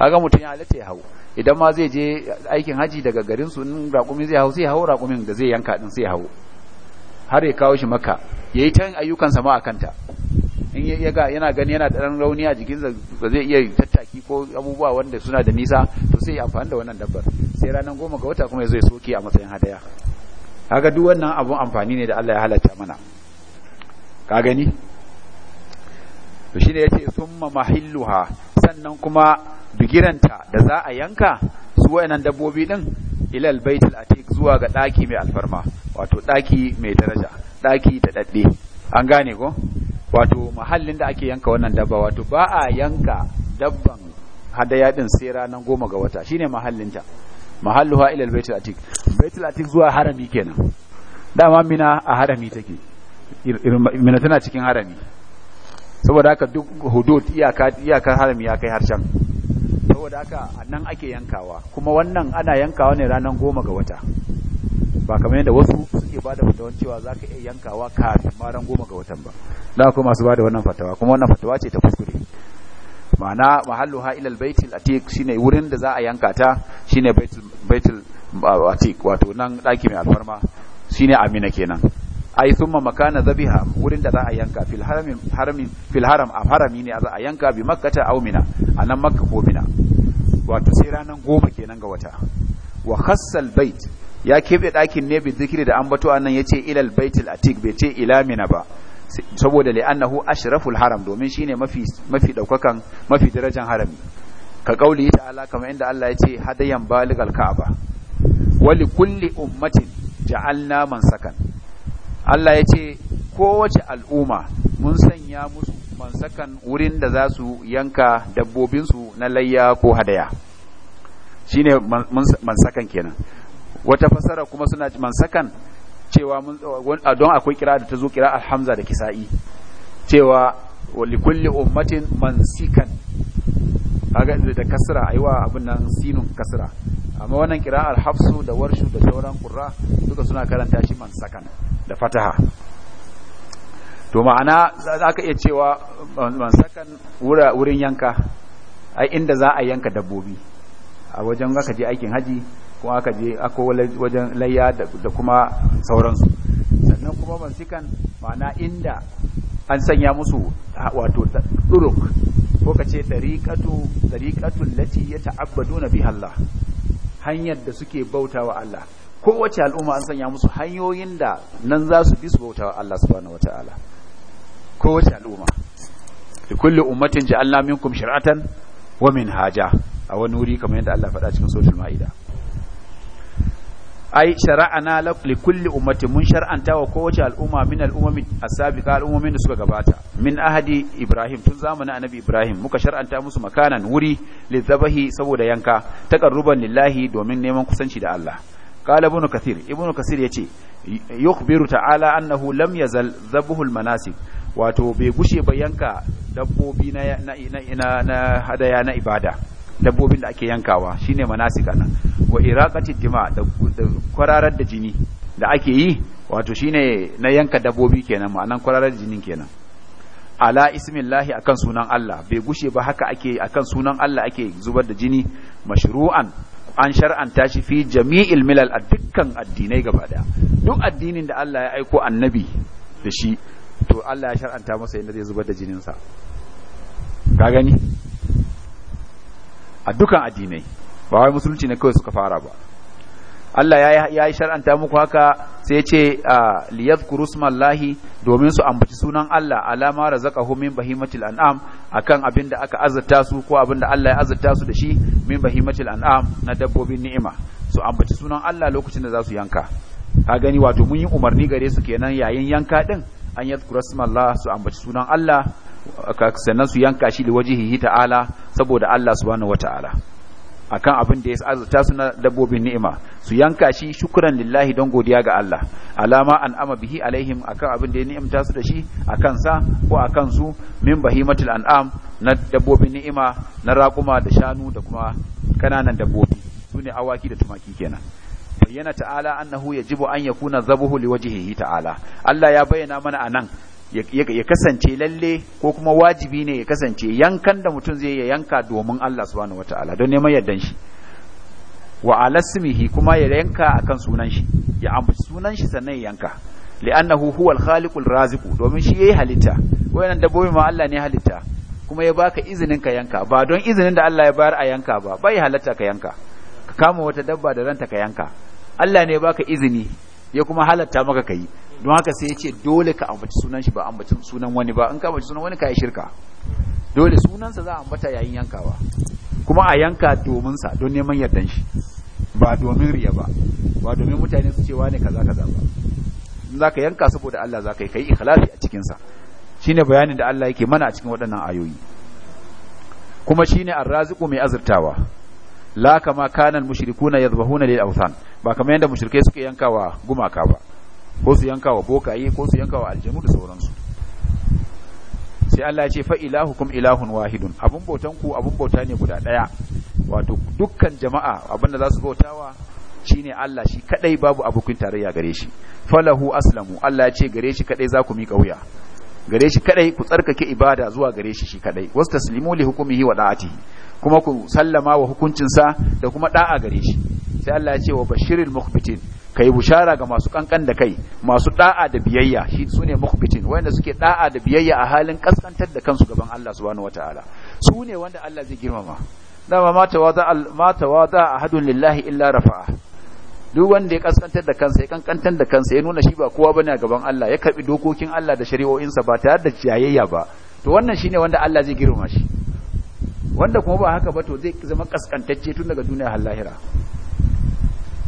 kaga mutum ya halatta ya hawo idan ma zai je aikin haji daga garin su in raƙumi zai hawo sai hawo raƙumin da zai yanka din sai hawo har ya kawo shi makka yayi tan ayyukan sama akanta in ya ga yana gani yana ɗan rauni a jikin ba zai iya tattaki ko abubuwa wanda suna da nisa to sai ya amfani da wannan dabbar sai ranar goma ga wata kuma ya zo soke a matsayin hadaya kaga duk wannan abun amfani ne da Allah ya halatta mana ka gani to shine yace summa mahilluha sannan kuma bigiranta da za a yanka su wayannan dabbobi din ilal baitul atiq zuwa ga daki mai alfarma wato daki mai daraja daki da dadde an gane ko wato mahallin da ake yanka wannan dabba wato ba a yanka dabban hadaya din sai ranar goma ga wata shine mahallinta mahalluha ila baitul atik baitul atik zuwa harami kenan dama mina a harami take mina tana cikin harami saboda haka duk hudud iyaka iyakar harami ya kai har can saboda haka nan ake yankawa kuma wannan ana yankawa ne ranar goma ga wata ba kamar yadda wasu suke bada da cewa za iya yankawa kafin ma goma ga watan ba da akwai masu bada wannan fatawa kuma wannan fatawa ce ta kuskure ma'ana mahallu ha ilal baitul atiq shine wurin da za a yanka ta shine baitul baitul uh, atiq wato nan daki mai alfarma shine amina kenan ai thumma makana dhabiha wurin da za a yanka fil haramin haramin fil haram a harami ne za a yanka bi makkata aw mina anan makka ko mina wato sai ranan goma kenan ga wata wa khassal bait ya kebe dakin ne bi zikiri da ambato anan yace ilal baitul atiq bai ce ila mina ba saboda li'annahu ashraful haram domin shine mafi mafi daukakan mafi darajar harami ka kauli ta'ala kamar inda Allah ya ce hadayan baligal ka'aba wali kulli ummatin ja'alna mansakan Allah ya ce kowace al'umma mun sanya musu mansakan wurin da za su yanka dabbobinsu na layya ko hadaya shine mansakan kenan wata fasara kuma suna mansakan cewa mun don akwai kira da ta zo kira alhamza da kisa'i cewa wali kulli ummatin mansikan kaga da kasra aiwa abin nan sinun kasra amma wannan kira alhafsu da warshu da sauran qurra duka suna karanta shi mansakan da fataha to ma'ana za ka iya cewa mansakan wurin yanka ai inda za a yanka dabbobi a wajen zaka je aikin haji kuma aka je aka wajen layya da kuma sauransu sannan kuma ban sikan ma'ana inda an sanya musu wato duruk ko ka ce dariƙatun lati ya ta'abbado na Allah hanyar da suke bauta wa Allah kowace al'umma an sanya musu hanyoyin da nan za su bi su bauta wa Allah subhanahu wata'ala kowace al'umma da kulle ummatin ja'alna minkum shir'atan wa min haja a wani wuri kamar yadda Allah faɗa cikin sojul ma'ida ai shara'ana li kulli ummati mun shar'anta wa kowace al'umma min al'umami asabiqa sabiqa da suka gabata min ahadi ibrahim tun zamanin annabi ibrahim muka shar'anta musu makanan wuri lizabahi saboda yanka taqarruban lillahi domin neman kusanci da Allah qala ibnu kathir ibnu kathir yace yukhbiru ta'ala annahu lam yazal zabuhul manasik wato bai gushe ba yanka dabbobi na na hadaya na ibada dabbobin da ake yankawa shine manasika nan wa iraqati dima da kwararar da jini da ake yi wato shine na yanka dabbobi kenan ma'anan kwararar jinin kenan ala ismillahi akan sunan Allah bai gushe ba haka ake akan sunan Allah ake zubar da jini mashru'an an shar'anta shi fi jami'il milal a dukkan addinai gaba daya duk addinin da Allah ya aiko annabi da shi to Allah ya shar'anta masa yadda zai zubar da jinin sa ka gani a dukan addinai ba wai musulunci ne kawai suka fara ba Allah ya yi shar'anta muku haka sai ya ce a liyadhkuru smallahi domin su ambaci sunan Allah alama razaqahum min bahimatil an'am akan abinda aka azurta su ko abin da Allah ya azurta su da shi min bahimatil an'am na dabbobin ni'ima su ambaci sunan Allah lokacin da za su yanka ka gani wato mun yi umarni gare su kenan yayin yanka din an yadhkuru smallahi su ambaci sunan Allah sannan su yanka shi da wajihihi ta'ala saboda Allah subhanahu wata'ala akan abin da ya azurta su na dabbobin ni'ima su yanka shi shukuran lillahi don godiya ga Allah alama an ama bihi alaihim akan abin da ya ni'imta su da shi akan sa ko a kan su min bahimatul an'am na dabbobin ni'ima na raƙuma da shanu da kuma kananan dabbobi sune awaki da tumaki kenan bayyana ta'ala annahu yajibu an yakuna zabuhu liwajhihi ta'ala Allah ya bayyana mana anan ya kasance lalle ko kuma wajibi ne ya kasance yankan da mutum zai ya yanka domin Allah subhanahu wataala don neman yardan shi wa alasmihi kuma ya yanka akan sunan shi ya ambaci sunan shi sannan ya yanka li'annahu huwal khaliqul raziqu domin shi yayi halitta wayannan dabbobi ma Allah ne halitta kuma ya baka izinin ka yanka ba don izinin da Allah ya bayar a yanka ba bai halatta ka yanka ka kama wata dabba da ranta ka yanka Allah ne ya baka izini ya kuma halatta maka kai don haka sai ya ce dole ka ambaci sunan shi ba ambaci sunan wani ba in ka ambaci sunan wani ka yi shirka dole sunansa za a ambata yayin yankawa kuma a yanka domin sa don neman yardan shi ba domin riya ba ba domin mutane su cewa ne kaza kaza ba in zaka yanka saboda Allah zaka yi kai ikhlasi a cikin sa shine bayanin da Allah yake mana a cikin waɗannan ayoyi kuma shine arraziqu mai azurtawa la kama kana al-mushrikuuna yadhbahuna lil awthan ba kamar yadda mushrikai suke yankawa gumaka ba ko su yanka wa bokaye ko su yanka wa aljanu da sauransu sai Allah ce fa ilahukum ilahun wahidun abun bautan ku abun bauta ne guda daya wato dukkan jama'a abin da za su bautawa shine Allah shi kadai babu abokin tarayya gare shi falahu aslamu Allah ya ce gare shi kadai za ku miƙa wuya gare shi kadai ku tsarkake ibada zuwa gare shi shi kadai wasu taslimu li hukumihi wa da'atihi kuma ku sallama wa hukuncinsa da kuma da'a gare shi sai Allah ya ce wa bashiril mukhbitin kai bushara ga masu kankan da kai masu da'a da biyayya shi sune mukhbitin wanda suke da'a da biyayya a halin kaskantar da kansu gaban Allah subhanahu wataala sune wanda Allah zai girmama dama ma tawada ma tawada ahadun lillahi illa rafa'a duk wanda ya kaskantar da kansa ya kankantar da kansa ya nuna shi ba kowa bane a gaban Allah ya karbi dokokin Allah da shari'o'insa ba tare da jayayya ba to wannan shine wanda Allah zai girma shi wanda kuma ba haka ba to zai zama kaskantacce tun daga duniya har lahira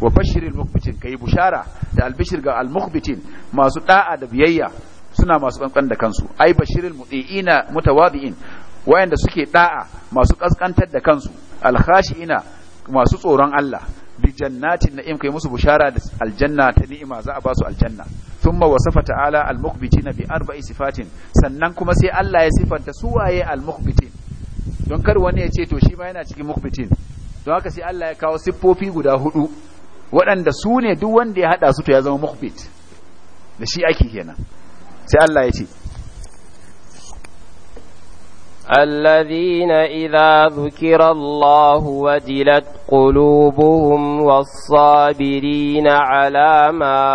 wa bashiril mukbitin kai bushara da albishir ga al-mukbitin masu da'a da biyayya suna masu kankan da kansu ai bashiril mudiina mutawadiin wayanda suke da'a masu kaskantar da kansu alkhashiina masu tsoron Allah bi jannatin na'im kai musu bushara da aljanna ta ni'ima za a ba su aljanna thumma wasafa ta'ala al-mukhbitina bi arba'i sifatin sannan kuma sai Allah ya sifanta su waye al-mukhbitin don kar wani ya ce to shi ma yana cikin mukbitin don haka sai Allah ya kawo siffofi guda hudu waɗanda su ne duk wanda ya hada su to ya zama mukbit da shi ake kenan sai Allah ya ce الذين إذا ذكر الله وجلت قلوبهم والصابرين على ما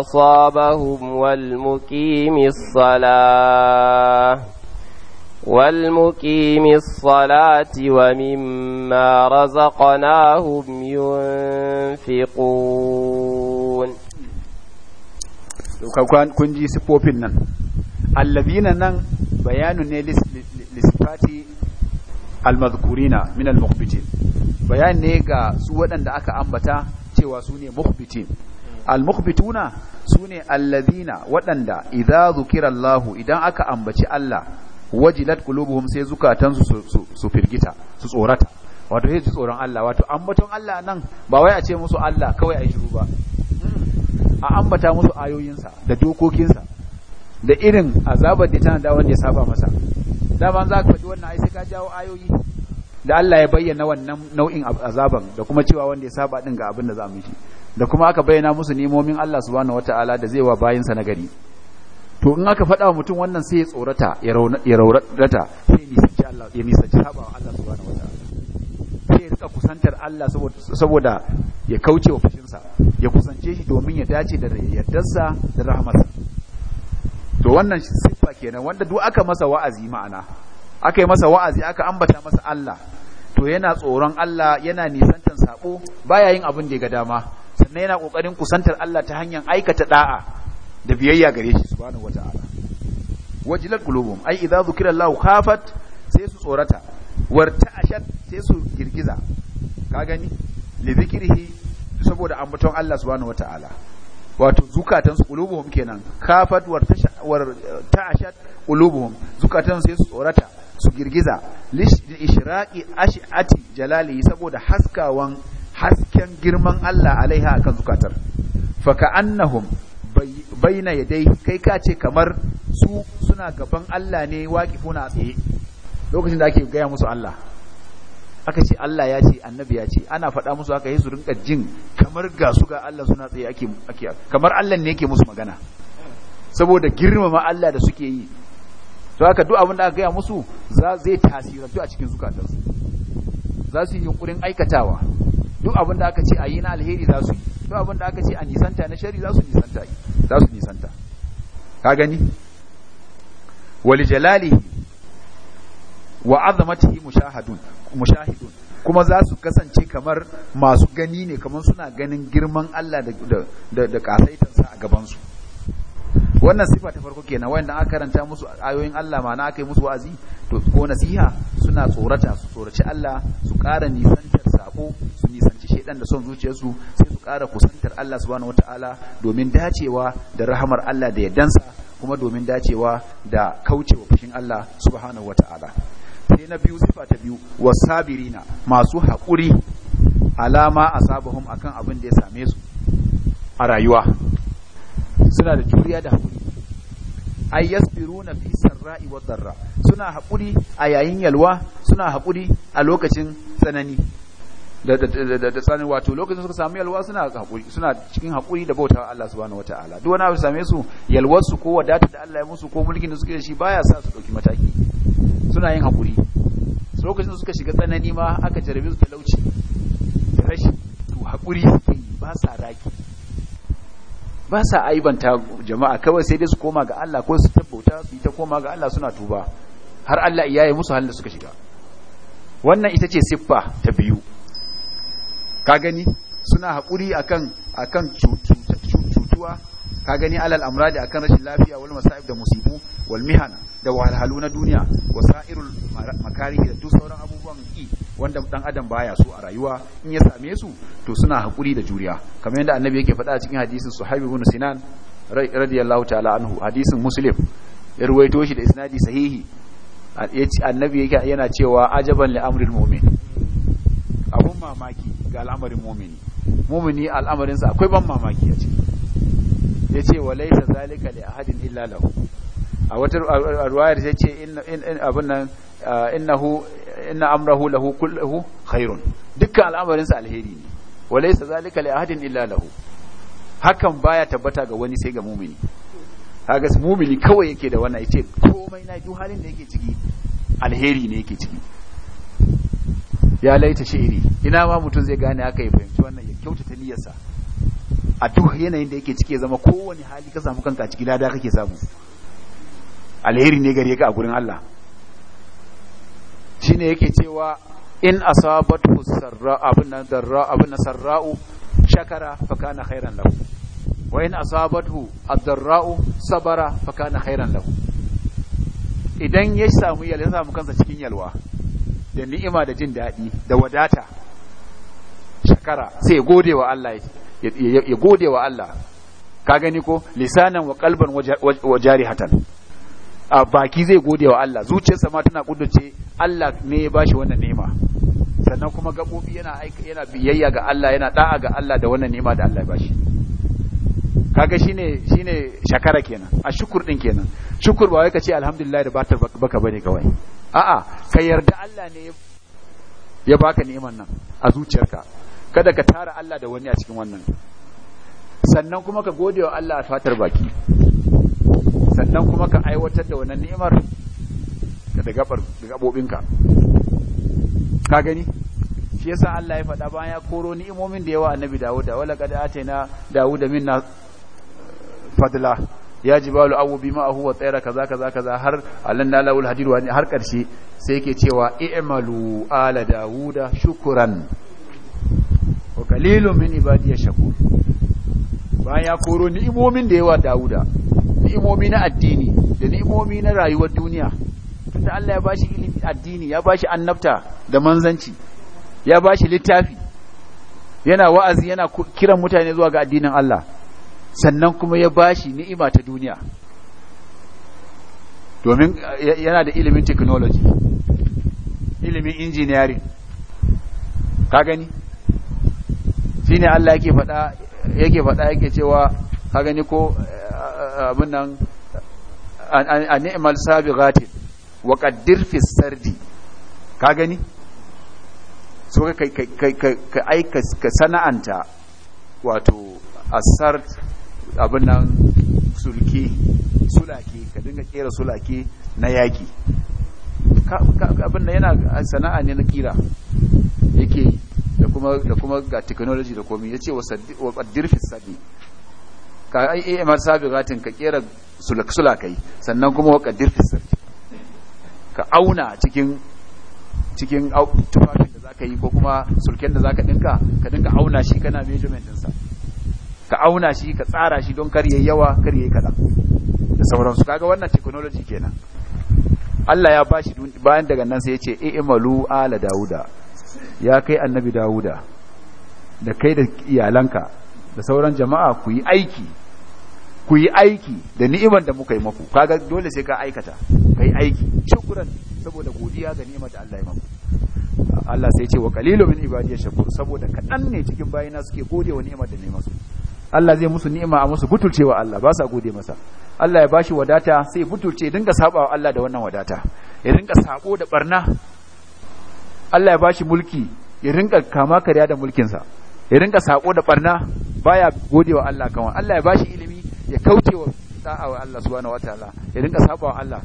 أصابهم والمقيم الصلاة والمقيم الصلاة ومما رزقناهم ينفقون كنجي سبوبنا الذين نن bayanu ne lisifati almazkurina min almukhbitin bayan ne ga su waɗanda aka ambata cewa su ne mukhbitin almukhbituna su ne alladhina waɗanda idza zukirallahu idan aka ambaci Allah wajilat qulubuhum sai zukatansu su firgita su tsorata wato sai su tsoron Allah wato ambaton Allah nan ba wai a ce musu Allah kawai a shiru ba hmm. a ambata musu ayoyinsa da dokokinsa da irin azabar da tana da wanda ya saba masa ban za ka faɗi wannan ai sai ka jawo ayoyi da Allah ya bayyana wannan nau'in azaban da kuma cewa wanda ya saba din ga abin da za mu yi da kuma aka bayyana musu nimomin Allah subhanahu wataala da zai wa bayinsa na gari to in aka faɗa mutum wannan sai ya tsorata ya raurata sai sai Allah ya nisanci saba wa Allah subhanahu wataala sai ya rika kusantar Allah saboda ya kauce wa fushinsa ya kusance shi domin ya dace da yardarsa da rahmarsa to wannan siffa kenan wanda duk aka masa wa'azi ma'ana aka yi masa wa'azi aka ambata masa Allah to yana tsoron Allah yana nisantar sako baya yin abin da ya ga dama sannan yana kokarin kusantar Allah ta hanyar aikata da'a da biyayya gare shi subhanahu wata'ala wajilat qulubum ai idza zukira Allah khafat sai su tsorata warta ashad sai su girgiza ka gani li zikrihi saboda ambaton Allah subhanahu wata'ala wato zukatansu ulubuhum kenan kafat war ta'ashat ulubuhum zukatan sai su tsorata su girgiza ishraqi ash'ati jalali saboda haskawan hasken girman Allah alaiha akan zukatar fa ka'annahum baina yadai kai ka ce kamar su suna gaban Allah ne waqifuna tsaye lokacin da ake gaya musu Allah aka ce Allah ya ce annabi ya ce ana faɗa musu aka yi su rinka jin kamar ga su ga Allah suna tsaye ake ake kamar Allah ne yake musu magana saboda girmama Allah da suke yi to haka duk abin da aka gaya musu za zai tasirantu a cikin su za su yi yunkurin aikatawa duk abin da aka ce a yi na alheri za su yi duk abin da aka ce a nisanta na shari za su nisanta za su nisanta ka gani wali jalali wa azamatihi mushahadun mushahidun kuma za su kasance kamar masu gani ne kamar suna ganin girman Allah da kasaitansa a gabansu wannan sifa ta farko kenan wanda aka karanta musu ayoyin Allah ma na aka yi musu wa'azi to ko nasiha suna tsorata su tsoraci Allah su ƙara nisantar sako su nisanci shaidan da son zuciyarsu sai su ƙara kusantar Allah subhanahu wataala domin dacewa da rahamar Allah da yaddansa kuma domin dacewa da kaucewa fushin Allah subhanahu wataala sai na biyu sifa ta biyu sabirina masu haƙuri alama a a kan abin da ya same su a rayuwa suna da juriya da haƙuri ay na fi sarra'i wa darra suna haƙuri a yayin yalwa suna haƙuri a lokacin tsanani da tsanani wato lokacin suka samu yalwa suna haƙuri suna cikin haƙuri da bautawa Allah subhanahu ta'ala duk wani abu same su yalwar su ko wadata da Allah ya musu ko mulkin da suke da shi baya sa su dauki mataki suna yin haƙuri lokacin da suka shiga tsanani ma aka jarabe su talauci da rashin to haƙuri suke yi ba sa raki ba sa aibanta jama'a kawai sai dai su koma ga Allah ko su tabbauta su yi ta koma ga Allah suna tuba har Allah ya yi musu halin da suka shiga wannan ita ce siffa ta biyu ka gani suna hakuri akan akan cutuwa ka gani alal amradi akan rashin lafiya wal masa'ib da musibu wal mihan da wahalhalu na duniya wa sa'irul makarihi da duk sauran abubuwan yi wanda dan adam baya so a rayuwa in ya same su to suna hakuri da juriya kamar yadda annabi yake faɗa cikin hadisin sahabi ibn sinan radiyallahu ta'ala anhu hadisin muslim ya shi da isnadi sahihi annabi yake yana cewa ajaban li amril mu'min abun mamaki ga al'amarin mu'mini mu'mini al'amarin sa akwai ban mamaki a ciki yace walaysa zalika li a illa illalahu a wata ruwayar yace ce ina amurahu lahu kullahu khairun dukkan al'amarin sa alheri ne walaysa zalika li a illa illalahu hakan baya tabbata ga wani sai ga mumini kaga mumini kawai yake da wannan yace komai na duk halin da yake ciki alheri ne yake ciki ya laita shiri ina ma mutum zai gane haka ya fahimci wannan ya kyautata niyyarsa a duk yanayin da yake cike zama kowane hali ka samu kanka a ciki lada kake samu alheri ne gare ka a gurin Allah shine yake cewa in a sarra abun nan darra sarra'u shakara fa kana khairan lahu wa in asabatu ad-darra'u sabara fa kana khairan lahu idan ya samu yalwa ya samu kansa cikin yalwa da ni'ima da jin daɗi da wadata shakara sai gode wa Allah yake ya gode wa Allah ka gani ko lisanan wa kalban wa jarihatan a baki zai gode wa Allah zuciyarsa ma tana kudurce Allah ne ya bashi wannan nema sannan kuma gabobi yana yana biyayya ga Allah yana da'a ga Allah da wannan nema da Allah ya bashi kaga shine shine shakara kenan a shukur din kenan shukur ba wai kace alhamdulillah da batar baka bane kawai a'a ka yarda Allah ne ya baka neman nan a zuciyarka kada ka tara Allah da wani a cikin wannan sannan kuma ka gode wa Allah a fatar baki sannan kuma ka aiwatar da wannan ni'imar da gabobinka ka gani shi yasa Allah ya faɗa bayan ya koro ni'imomin da yawa annabi Dawud da wala qad atayna Dawud minna fadla ya jibalu awu bima huwa tsayra kaza kaza kaza har alanna lawul hadir wa har karshe sai yake cewa i'malu ala Dawuda shukran wa kalilun min ibadiyya shakur bayan ya koro ni'imomin da yawa Dawuda ni'imomi na addini da ni'imomi na rayuwar duniya tunda Allah ya bashi ilimi addini ya bashi annabta da manzanci ya bashi littafi yana wa'azi yana kiran mutane zuwa ga addinin Allah sannan kuma ya bashi ni'ima ta duniya domin eh, yana da ilimin technology ilimin engineering ka gani shine Allah yake faɗa yake faɗa yake cewa ka gani ko eh, abin nan an ni'mal ratin wa qaddir fi sardi ka gani so ka ka ka sana'anta wato asar abin nan sulki sulaki ka dinga kera sulaki na yaki abin nan yana sana'a ne na kira yake da kuma da kuma ga technology da komai yace wa saddir fi sabi ka ai eh ma sabiqatin ka kera sulaksula kai sannan kuma wa qaddir fi sabi ka auna cikin cikin tufafin da zaka yi ko kuma sulken da zaka dinka ka dinka auna shi kana measurement din sa ka auna shi ka tsara shi don kar yayi yawa kar yayi kaza da sauransu kaga wannan technology kenan Allah ya bashi bayan daga nan sai ya ce i'malu ala dauda ya kai annabi dawuda da kai da iyalanka da sauran jama'a ku yi aiki ku yi aiki da ni'imar da muka yi maku kaga dole sai ka aikata ka yi aiki shukuran saboda godiya ga ni'imar da Allah ya maku Allah sai ce wa qalilu min ibadiy shakur saboda kaɗan ne cikin bayina suke gode wa ni'imar da ne masu Allah zai musu ni'ima a musu butulcewa Allah ba sa gode masa Allah ya bashi wadata sai butulce dinga sabawa Allah da wannan wadata ya dinga sako da barna Allah ya bashi mulki ya rinka kama kariya da mulkinsa ya rinka sako da barna baya wa Allah kan Allah ya bashi ilimi ya kauce wa wa Allah subhanahu wataala ya rinka wa Allah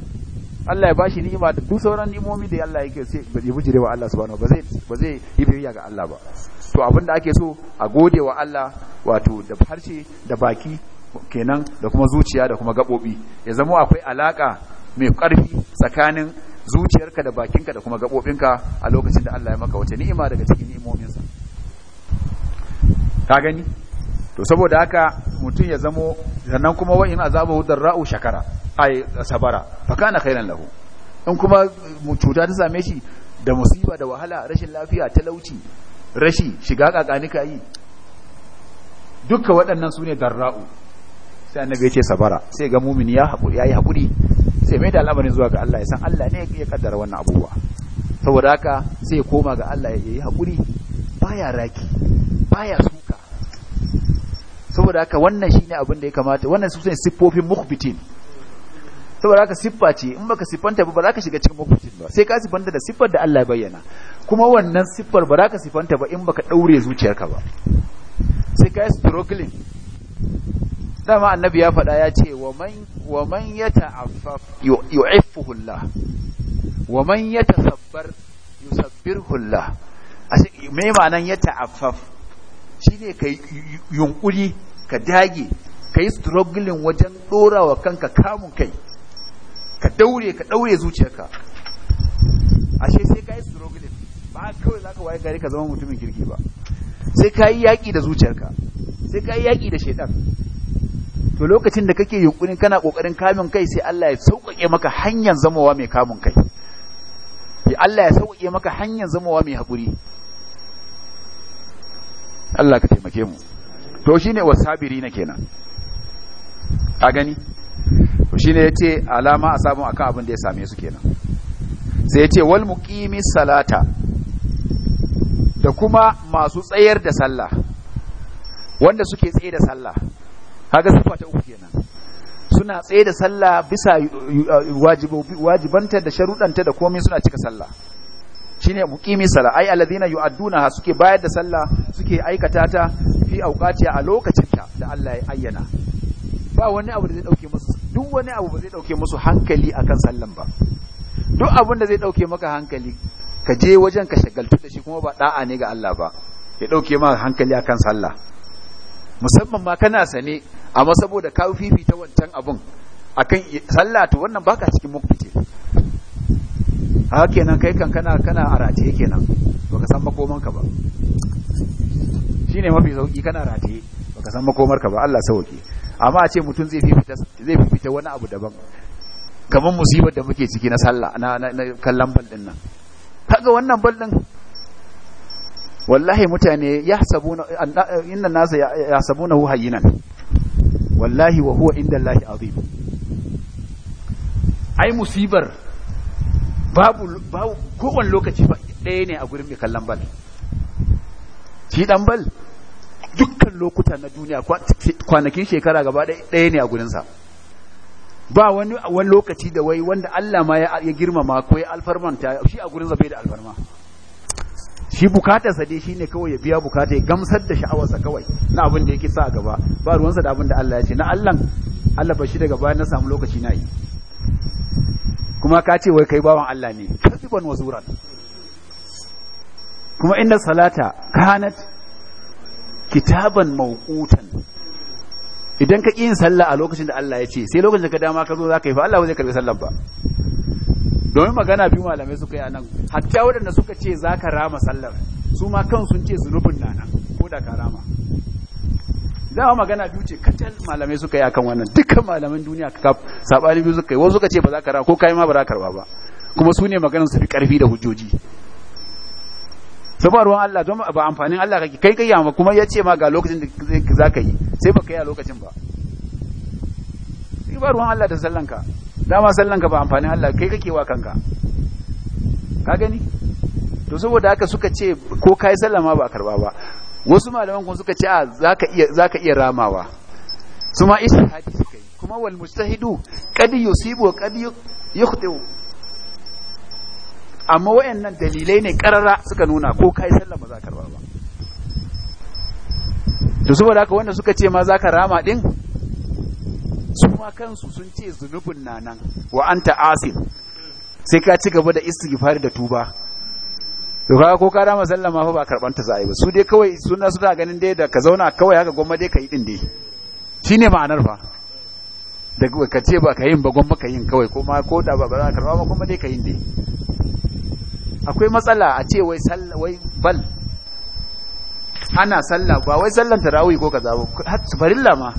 Allah ya bashi ni'ima da duk sauran ni'imomi da Allah yake sai ba zai bujire wa Allah subhanahu ba zai ba zai yi biyayya ga Allah ba to abin da ake so a gode wa Allah wato da harshe da baki kenan da kuma zuciya da kuma gabobi ya zama akwai alaka mai ƙarfi tsakanin zuciyarka da bakinka da kuma gaɓoɓinka a lokacin da Allah ya maka wace ni'ima daga cikin ni'imominsa ka gani to saboda haka mutum ya zamo sannan kuma wa in azabahu darra'u shakara ay sabara fa kana khairan lahu in kuma cuta ta same shi da musiba da wahala rashin lafiya talauci rashi shiga kakanika yi dukkan waɗannan sune darra'u sai annabi ya ce sabara sai ga mumini ya haƙuri haƙuri sai mai da al'amarin zuwa ga Allah ya san Allah ne ya kaddara wannan abubuwa saboda haka sai ya koma ga Allah ya yi hakuri baya raki baya suka saboda haka wannan shine abin da ya kamata wannan su sai siffofin mukhbitin saboda haka siffa ce in baka siffanta ba ba za ka shiga cikin mukhbitin ba sai ka siffanta da siffar da Allah ya bayyana kuma wannan siffar ba za ka siffanta ba in baka daure zuciyarka ba sai ka yi struggling dama annabi ya faɗa ya ce wa man ya ta'affaf yu'iffuhu Allah wa man ya tasabbar yusabbirhu Allah me ma'anan ya ta'affaf shine kai yunkuri ka dage kai struggling wajen dorawa kanka kamun kai ka daure ka daure zuciyarka ashe sai kai struggling ba kawai zaka waye gari ka zama mutumin kirki ba sai kai yaki da zuciyarka sai kai yaki da shaidan. to lokacin da kake yunkurin kana kokarin kamun kai sai Allah ya sauƙaƙe maka hanyar zamowa mai kamun kai sai Allah ya sauƙaƙe maka hanyar zamowa mai haƙuri Allah ka taimake mu to shine wasabiri na kenan a gani to shine yace alama a sabon akan abin da ya same su kenan sai yace wal muqimi salata da kuma masu tsayar da sallah wanda suke tsaye da sallah kaga sifa ta uku kenan suna tsaye da sallah bisa uh, uh, wajibanta da sharudanta da komai suna cika sallah shine muqimi sala ai alladhina ha suke bayar da sallah suke aikata ta fi auqatiha a lokacin ta da Allah ya ayyana ba wani abu da zai dauke musu duk wani abu ba zai dauke musu hankali akan sallan ba duk abun da zai dauke maka hankali ka je wajen ka shagaltu da shi kuma ba da'a ne ga Allah ba ya dauke maka hankali akan sallah musamman ma kana sane amma saboda ka fifita wancan abun akan sallah to wannan baka cikin mukfitir haka kenan kai kan kana kana arataye kenan baka san makoman ka ba shine mafi sauki kana ba baka san makomar ka ba Allah sauki amma a ce mutum zai fifita zai fifita wani abu daban kamar musibar da muke ciki na sallah na, kallon baldin nan kaga wannan baldin wallahi mutane yahsabuna inna nasa ya yi nan, wallahi wa huwa inda Allahi azim ai musibar babu kowane lokaci ba ɗaya ne a gurin mai kallon bal shi ɗan bal dukkan lokuta na duniya kwanakin shekara gaba ɗaya ne a gurinsa ba wani wani lokaci da wai wanda Allah ma ya girmama ko ya alfarmanta shi a gurinsa bai da alfarma shi bukatarsa dai shine kawai ya biya bukata ya gamsar da sha'awarsa kawai na abin da yake sa a gaba ba ruwansa da abin da Allah ya ce na Allah Allah bashi daga bayan na samu lokaci na yi kuma ka ce wai kai bawan Allah ne kasiban wazuran kuma inda salata kanat kitaban mawqutan idan ka yin sallah a lokacin da Allah ya ce sai lokacin da ka dama ka zo za ka yi fa Allah ba zai karbi sallar ba domin magana biyu malamai suka yi a nan hatta wadanda suka ce za ka rama sallar su ma kan sun ce zunubin nana ko da ka rama dama magana biyu ce kacal malamai suka yi akan wannan dukkan malaman duniya ka sabani biyu suka yi wasu suka ce ba za ka rama ko kai ma ba za ka karba ba kuma su ne maganar su fi karfi da hujjoji saboda ruwan Allah don ba amfanin Allah kake kai kai yamma kuma ya ce ma ga lokacin da za ka yi sai ba ka yi a lokacin ba sai ba ruwan Allah da sallanka dama sallan ka ba amfanin Allah kai kake wa kanka ka gani to saboda haka suka ce ko kai sallama ba karba ba wasu malaman kun suka ce a zaka iya zaka iya ramawa su ma ishadi suka yi kuma wal mujtahidu kad yusibu wa kad yakhtu amma wayannan dalilai ne karara suka nuna ko kai sallama za karba ba to saboda haka wanda suka ce ma zaka rama din su ma kansu sun ce zunubin na nan wa anta asim sai ka ci gaba da istighfar da tuba to ko ka dama sallama fa ba karban ta zai ba su dai kawai suna suna ganin dai da ka zauna kawai haka gwamma dai ka yi din dai shine ma'anar fa da ka ce ba ka yin ba gwamma ka yin kawai kuma ko da ba ba za ka karba ba gwamma dai ka yin dai akwai matsala a ce wai wai bal ana sallah ba wai sallan tarawih ko kaza ba har farilla ma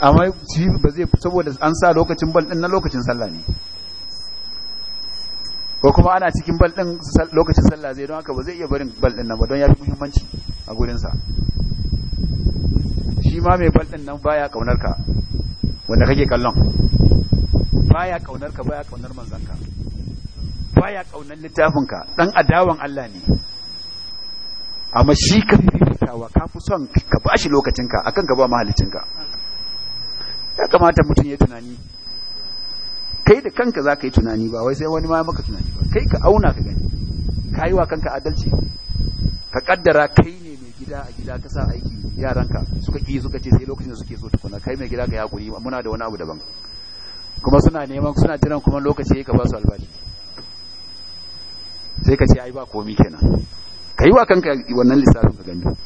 amma shi ba zai saboda an sa lokacin bal din na lokacin sallah ne ko kuma ana cikin bal din lokacin sallah zai don haka ba zai iya barin bal din nan ba don ya fi muhimmanci a gurin sa shi ma mai bal din nan baya kaunar ka wanda kake kallon baya kaunar ka baya kaunar manzon ka baya kaunar littafin ka dan adawan Allah ne amma shi ka fifitawa ka fi son ka bashi lokacin ka akan ka ba mahalicin ka ya kamata mutum ya tunani kai da kanka za ka yi tunani ba wai sai wani ma maka tunani ba kai ka auna ka gani ka yi wa kanka adalci ka kaddara kai ne mai gida a gida ka sa aiki yaranka suka ƙi suka ce sai lokacin da suke so tukuna kai mai gida ka yaƙuri muna da wani abu daban kuma suna neman suna jiran kuma lokaci ka ba su albashi sai ka ce ai ba komi kenan ka yi wa kanka wannan lissafin ka gani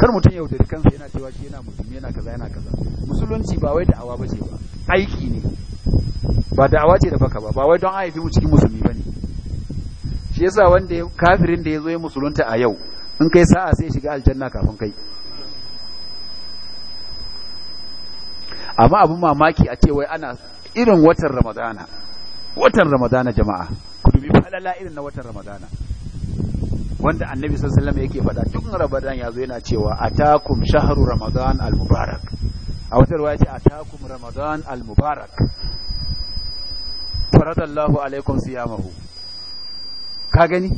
kar mutum ya da kansa yana cewa shi yana musulmi yana kaza yana kaza musulunci ba wai da'awa ba ce ba aiki ne ba da'awa ce da baka ba ba wai don haifi mu cikin musulmi ba ne shi yasa wanda kafirin da ya zo ya musulunta a yau in kai sa'a sai shiga aljanna kafin kai amma abin mamaki a ce wai ana irin watan ramadana watan ramadana jama'a ku dubi falala irin na watan ramadana wanda annabi sallallahu alaihi yake faɗa duk ramadan ya zo yana cewa atakum shahru ramadan al-mubarak a wata ruwaya ce atakum ramadan al-mubarak faradallahu alaikum siyamahu ka gani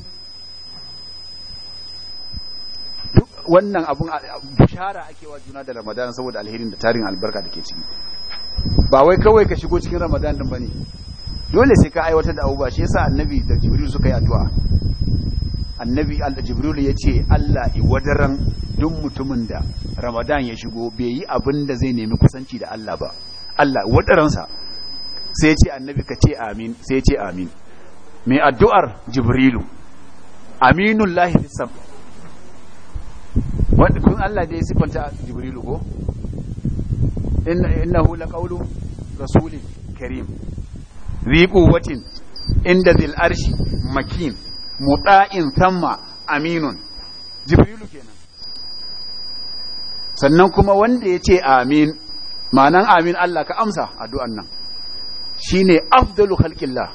duk wannan abun bishara ake wa juna da ramadan saboda alherin da tarin albarka da ke ciki ba wai kawai ka shigo cikin ramadan din bane dole sai ka aiwatar da abubuwa shi yasa annabi da jibril suka yi addu'a annabi al-jibril ya ce Allah wadaran duk mutumin da ramadan ya shigo bai yi abin da zai nemi kusanci da Allah ba Allah sa sai ce annabi ka ce amin sai ce amin mai addu'ar jibrilu aminun lahi fisab wanda kun Allah da ya siffanta jibrilu ko innahu laqawlu rasulin karim ذي watin. inda zil arshi makin. muɗa'in samma aminun jibrilu kenan sannan kuma wanda ya ce amin ma'anan amin Allah ka amsa addu'an nan shine afdalu khalqillah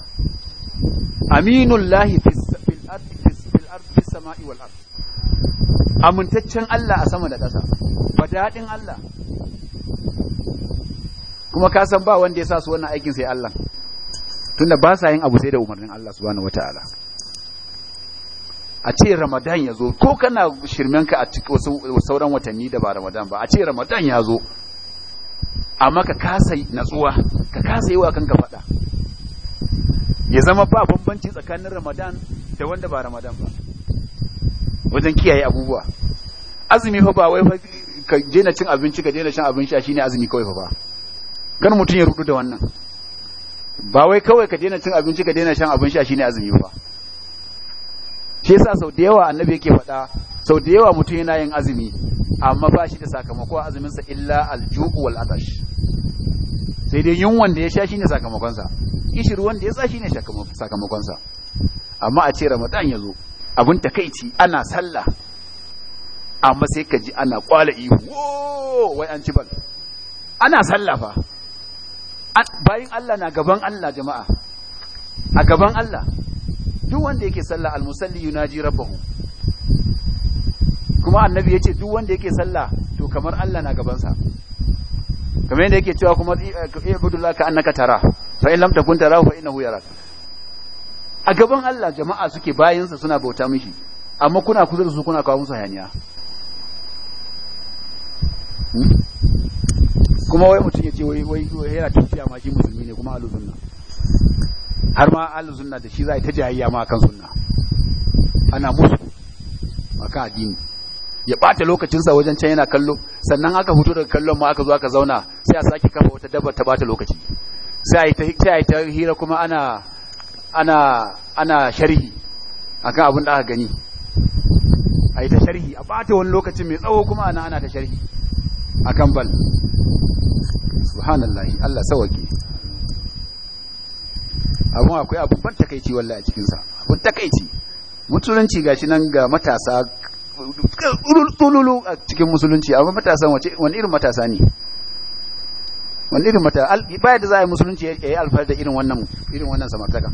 aminun fil ardi fil ardi sama'i wal amintaccen Allah a sama da ƙasa ba daɗin Allah kuma ka san ba wanda ya sa su wannan aikin sai Allah tunda ba sa yin abu sai da umarnin Allah subhanahu wataala a ce ramadan ya zo ko kana shirmenka a cikin sauran watanni da ba ramadan ba a ce ramadan ya zo amma ka kasa natsuwa ka kasa yi wa kanka faɗa ya zama ba bambanci tsakanin ramadan da wanda ba ramadan ba wajen kiyaye abubuwa azumi fa ba wai fa ka daina cin abinci ka daina shan abin sha shine azumi kawai fa ba kan mutum ya rudu da wannan ba wai kawai ka daina cin abinci ka daina shan abin sha shine azumi fa shi yasa sau da yawa annabi yake faɗa sau da yawa mutum yana yin azumi amma ba shi da sakamako a azuminsa illa alju'u wal atash sai dai yunwan da ya sha shine sakamakonsa kishir wanda ya sa shine sakamakonsa amma a ce ramadan ya zo abin takaici ana sallah amma sai ka ji ana kwala ihu wai an ci bal ana sallah fa bayin Allah na gaban Allah jama'a a gaban Allah duk wanda yake sallah almusalli yunaji rabbahu kuma annabi yace duk wanda yake sallah to kamar Allah na gaban sa kamar yadda yake cewa kuma ibudullah eh, ka annaka tara fa in lam takun tara fa innahu yarak a gaban Allah jama'a suke sa suna bauta mishi amma kuna kusa su kuna kawo musu hayaniya hmm? kuma wai mutum yace wai wai yana tafiya ma shi musulmi ne kuma a har ma ahlus sunna da shi za a yi ta jayayya ma kan sunna ana musu akan addini ya ɓata lokacinsa wajen can yana kallo sannan aka fito daga kallon ma aka zo aka zauna sai a sake kafa wata dabar ta bata lokaci sai a yi ta hira kuma ana ana ana sharhi akan abin da aka gani a yi ta sharhi a ɓata wani lokaci mai tsawo kuma ana ana ta sharhi akan bal subhanallahi Allah abin akwai abun ban takaici walla a cikinsa abun takaici musulunci gashi nan ga matasa tululu a cikin musulunci abin matasa wace wani irin matasa ne wani irin matasa bayan da za a yi musulunci ya yi alfahari da irin wannan irin wannan samartaka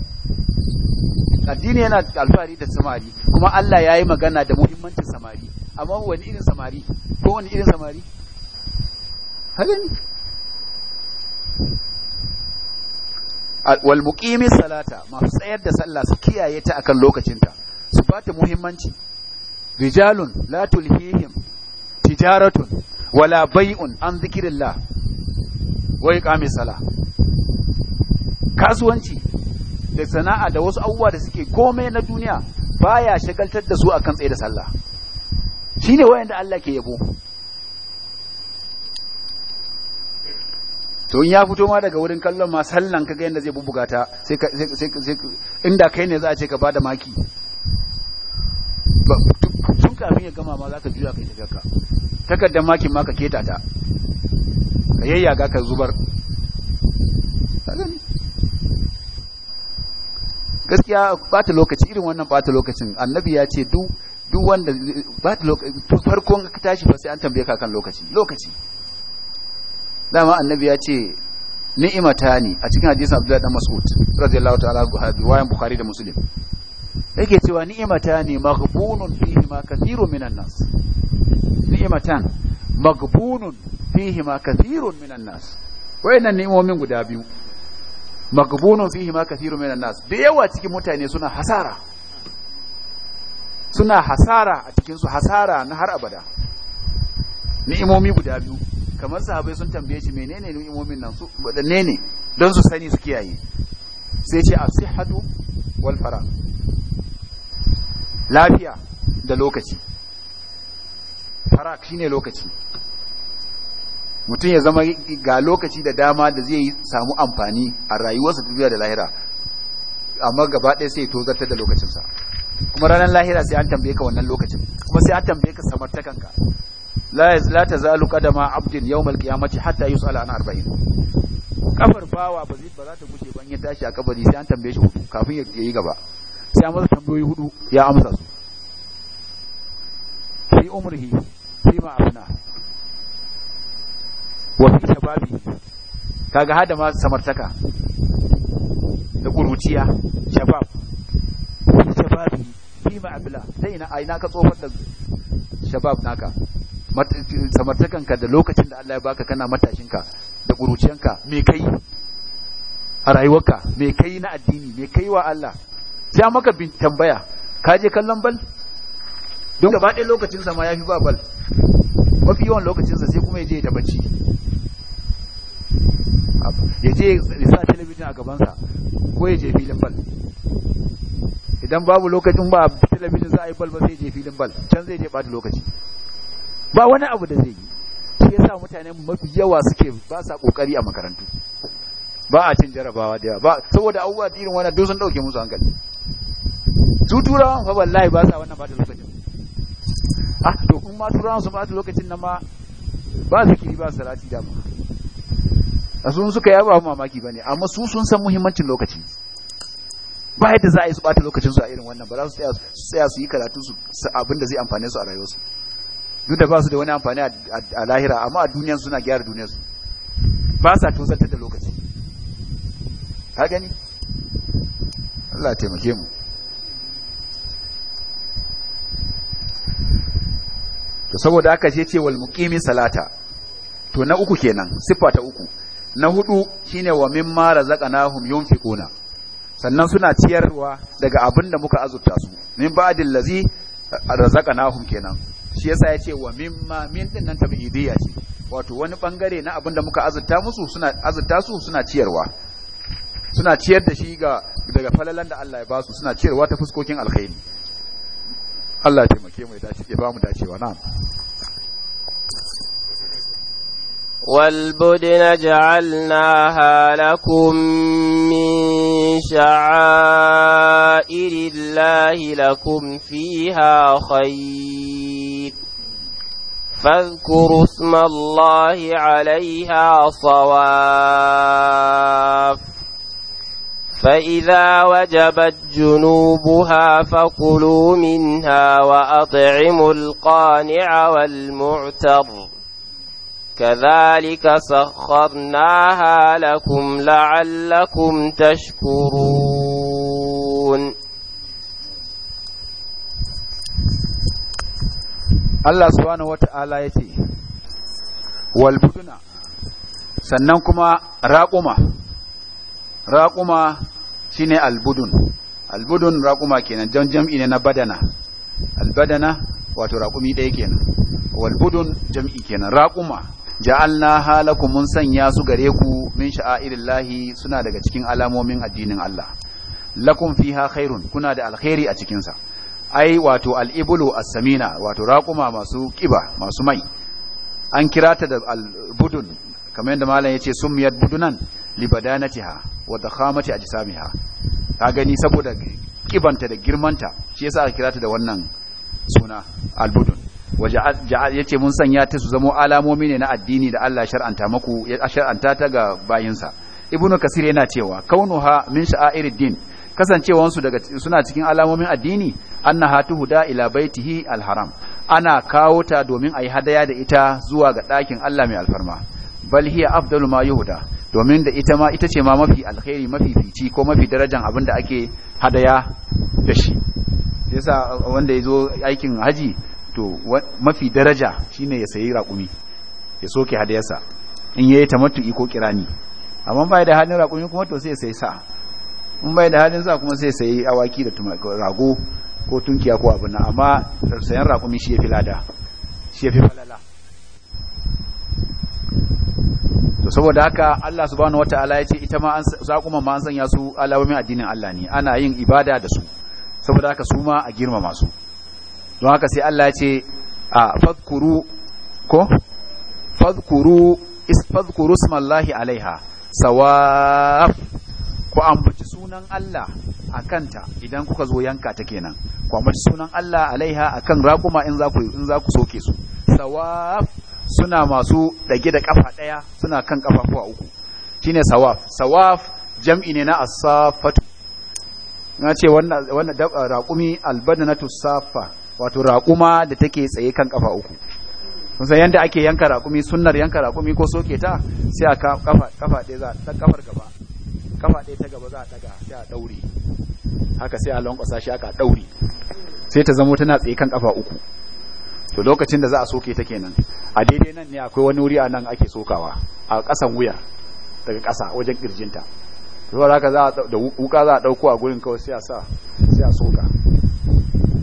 addini yana alfahari da samari kuma Allah ya yi magana da muhimmancin samari amma wani irin samari ko wani irin samari haka ne wal salata masu tsayar da sallah su kiyaye ta akan lokacinta su ba ta muhimmanci rijalun la tulhihim tijaratun wala bai'un an zikirillah wai iqamis sala kasuwanci da sana'a da wasu abubuwa da suke komai na duniya baya shagaltar da su akan tsaye da sallah shine wayanda Allah ke yabo to in ya fito ma daga wurin kallon ma sallan kaga yanda zai bubuga ta sai sai inda kai ne za a ce ka bada maki ba tun kafin ya gama ma za ka juya kai ka takardar makin ma ka keta ta ka yayyaga ka zubar gaskiya bata lokaci irin wannan bata lokacin annabi ya ce duk wanda bata lokaci farkon ka tashi ba sai an tambaye ka kan lokaci lokaci dama annabi ya ce ne a cikin hadisin Abdullahi dan Mas'ud radiyallahu ta'ala anhu wayan Bukhari da Muslim yake cewa ne maghbunun fihi ma kathirun minan nas ni'imatan maghbunun fihi ma kathirun minan nas wayannan ni'imomin guda biyu maghbunun fihi ma kathirun minan nas da yawa cikin mutane suna hasara suna hasara a cikin su hasara na har abada ni'imomi guda biyu kamar sahabai sun tambaye shi menene imomin nan su wadanne ne don su sani su kiyaye sai ce a sihhatu wal fara lafiya da lokaci farak shine lokaci mutum ya zama ga lokaci da dama da zai samu amfani a rayuwarsa duniya da lahira amma gaba ɗaya sai tozartar da lokacinsa kuma ranar lahira sai an tambaye ka wannan lokacin kuma sai an tambaye ka samartakanka la la tazalu qadama abdin yawm alqiyamati hatta yus'ala an arba'in kafar bawa ba zai ba za ta gushe ban ya tashi a kabari sai an tambaye shi hudu kafin ya yi gaba sai amma tambayoyi hudu ya amsa su fi umrihi fi ma afna wa fi shababi kaga hada ma samartaka da kuruciya shabab shababi fi ma abla sai ina aina ka tsofar da shabab naka samartakanka da lokacin da Allah ya baka kana matashinka da ƙuruciyanka me kai a rayuwarka me kai na addini me kai wa Allah sai maka bin tambaya ka je kallon bal don gaba ɗaya lokacin sa ma yafi ba bal mafi yawan lokacin sa sai kuma ya je da bacci ya je ya sa talabijin a gaban sa ko ya je filin bal idan babu lokacin ba talabijin za a yi bal ba sai je filin bal can zai je ɓata lokaci ba wani abu da zai yi shi ya sa mutane mafi yawa suke ba sa kokari a makarantu ba a cin jarabawa da yawa ba saboda abubuwa da irin wannan duk sun dauke musu hankali su turawan fa wallahi ba sa wannan ba da lokacin ah to kun ma turawan su ba da lokacin nan ma ba zikiri ba salati da ma a sun suka yi ba mamaki ne amma su sun san muhimmancin lokaci ba yadda za a yi su bata lokacin su a irin wannan ba za su tsaya su yi karatu su abin da zai amfane su a rayuwarsu duk da ba su da wani amfani a lahira amma a duniyan suna gyara duniyar su ba sa da lokaci ka gani Allah taimake mu to saboda aka ce ce wal muqimi salata to na uku kenan siffa ta uku na hudu shine wa mimma razaqnahum yunfiquna sannan suna ciyarwa daga abin da muka azurta su min ba'dil lazi razaqnahum kenan shi yasa ya ce wa mimma min din nan tabi'idiyya ce wato wani bangare na abinda muka azurta musu suna azurta su suna ciyarwa suna ciyar da shi ga daga falalan da Allah ya ba su suna ciyarwa ta fuskokin alkhairi Allah ya taimake mu ya dace ya ba mu dacewa na'am والبدن جعلناها لكم من شعائر الله لكم فيها خير فاذكروا اسم الله عليها صواف فإذا وجبت جنوبها فكلوا منها وأطعموا القانع والمعتر كذلك سخرناها لكم لعلكم تشكرون Allah subhanahu wata'ala ya ce walbuduna sannan kuma raƙuma raƙuma shine albudun albudun raƙuma kenan don jam'i ne na badana albadana wato raƙumi ɗaya kenan walbudun jam'i kenan raƙuma na halaku mun sanya su gare ku min lahi suna daga cikin alamomin addinin Allah lakum fi khairun kuna da alkhairi a cikinsa. ai wato al'ibulu a samina wato raƙuma masu ƙiba masu mai an kira ta da albudun kamar yadda malam yace miyar budunan wadda libadanatiha wa sami ha ta gani saboda ƙibanta da girmanta shi yasa aka kira ta da wannan suna albudun. Waje ya ce mun sanya ta su zamo alamomi ne na addini da Allah shar'anta maku ya ta ga bayinsa ibnu kasir yana cewa kaunuha min sha'a'irin din kasancewansu daga suna cikin alamomin addini hatu huda ila baitihi alharam ana kawo ta domin ayi hadaya da ita zuwa ga ɗakin Allah mai alfarma bal hiya afdalu ma yuhda domin da ita ma ita ce ma mafi alkhairi mafi fici ko mafi darajan abin da ake hadaya da shi yasa wanda yazo aikin haji to mafi daraja shine ya sayi raƙumi ya soke hadayarsa in yayi tamattu ko kirani amma bai da halin raƙumi kuma to sai ya sayi sa'a in bai da halin sa kuma sai sayi awaki da rago ko tunkiya ko abin na amma sayan mi shi ya fi lada shi ya fi falala to saboda haka Allah subhanahu wataala ya ce ita ma an zakuma ma an sanya su alawomin addinin Allah ne ana yin ibada da su saboda haka su ma a girmama su don haka sai Allah ya ce a fadkuru ko fadkuru isfadkuru ismallahi alaiha sawaf ku ambaci sunan Allah a kanta idan kuka zo yanka ta kenan ku ambaci sunan Allah alaiha akan raƙuma in za ku in za soke su sawaf suna masu dage da kafa daya suna kan kuwa uku shine sawaf sawaf jam'i ne na as na ce wannan wannan raqumi albadanatu safa wato raƙuma da take tsaye kan kafa uku kun yadda ake yanka raqumi sunnar yanka raqumi ko soke ta sai a kafa kafa za ta kafar gaba kafa ɗaya ta gaba za a daga sai a ɗaure haka sai a lankwasa shi aka ɗaure sai ta zamo tana tsaye kan kafa uku to lokacin da za a soke ta kenan a daidai nan ne akwai wani wuri a nan ake sokawa a ƙasan wuyar daga ƙasa wajen ƙirjinta zuwa za da wuka za a ɗauko a gurin kawai sai a sa sai a soka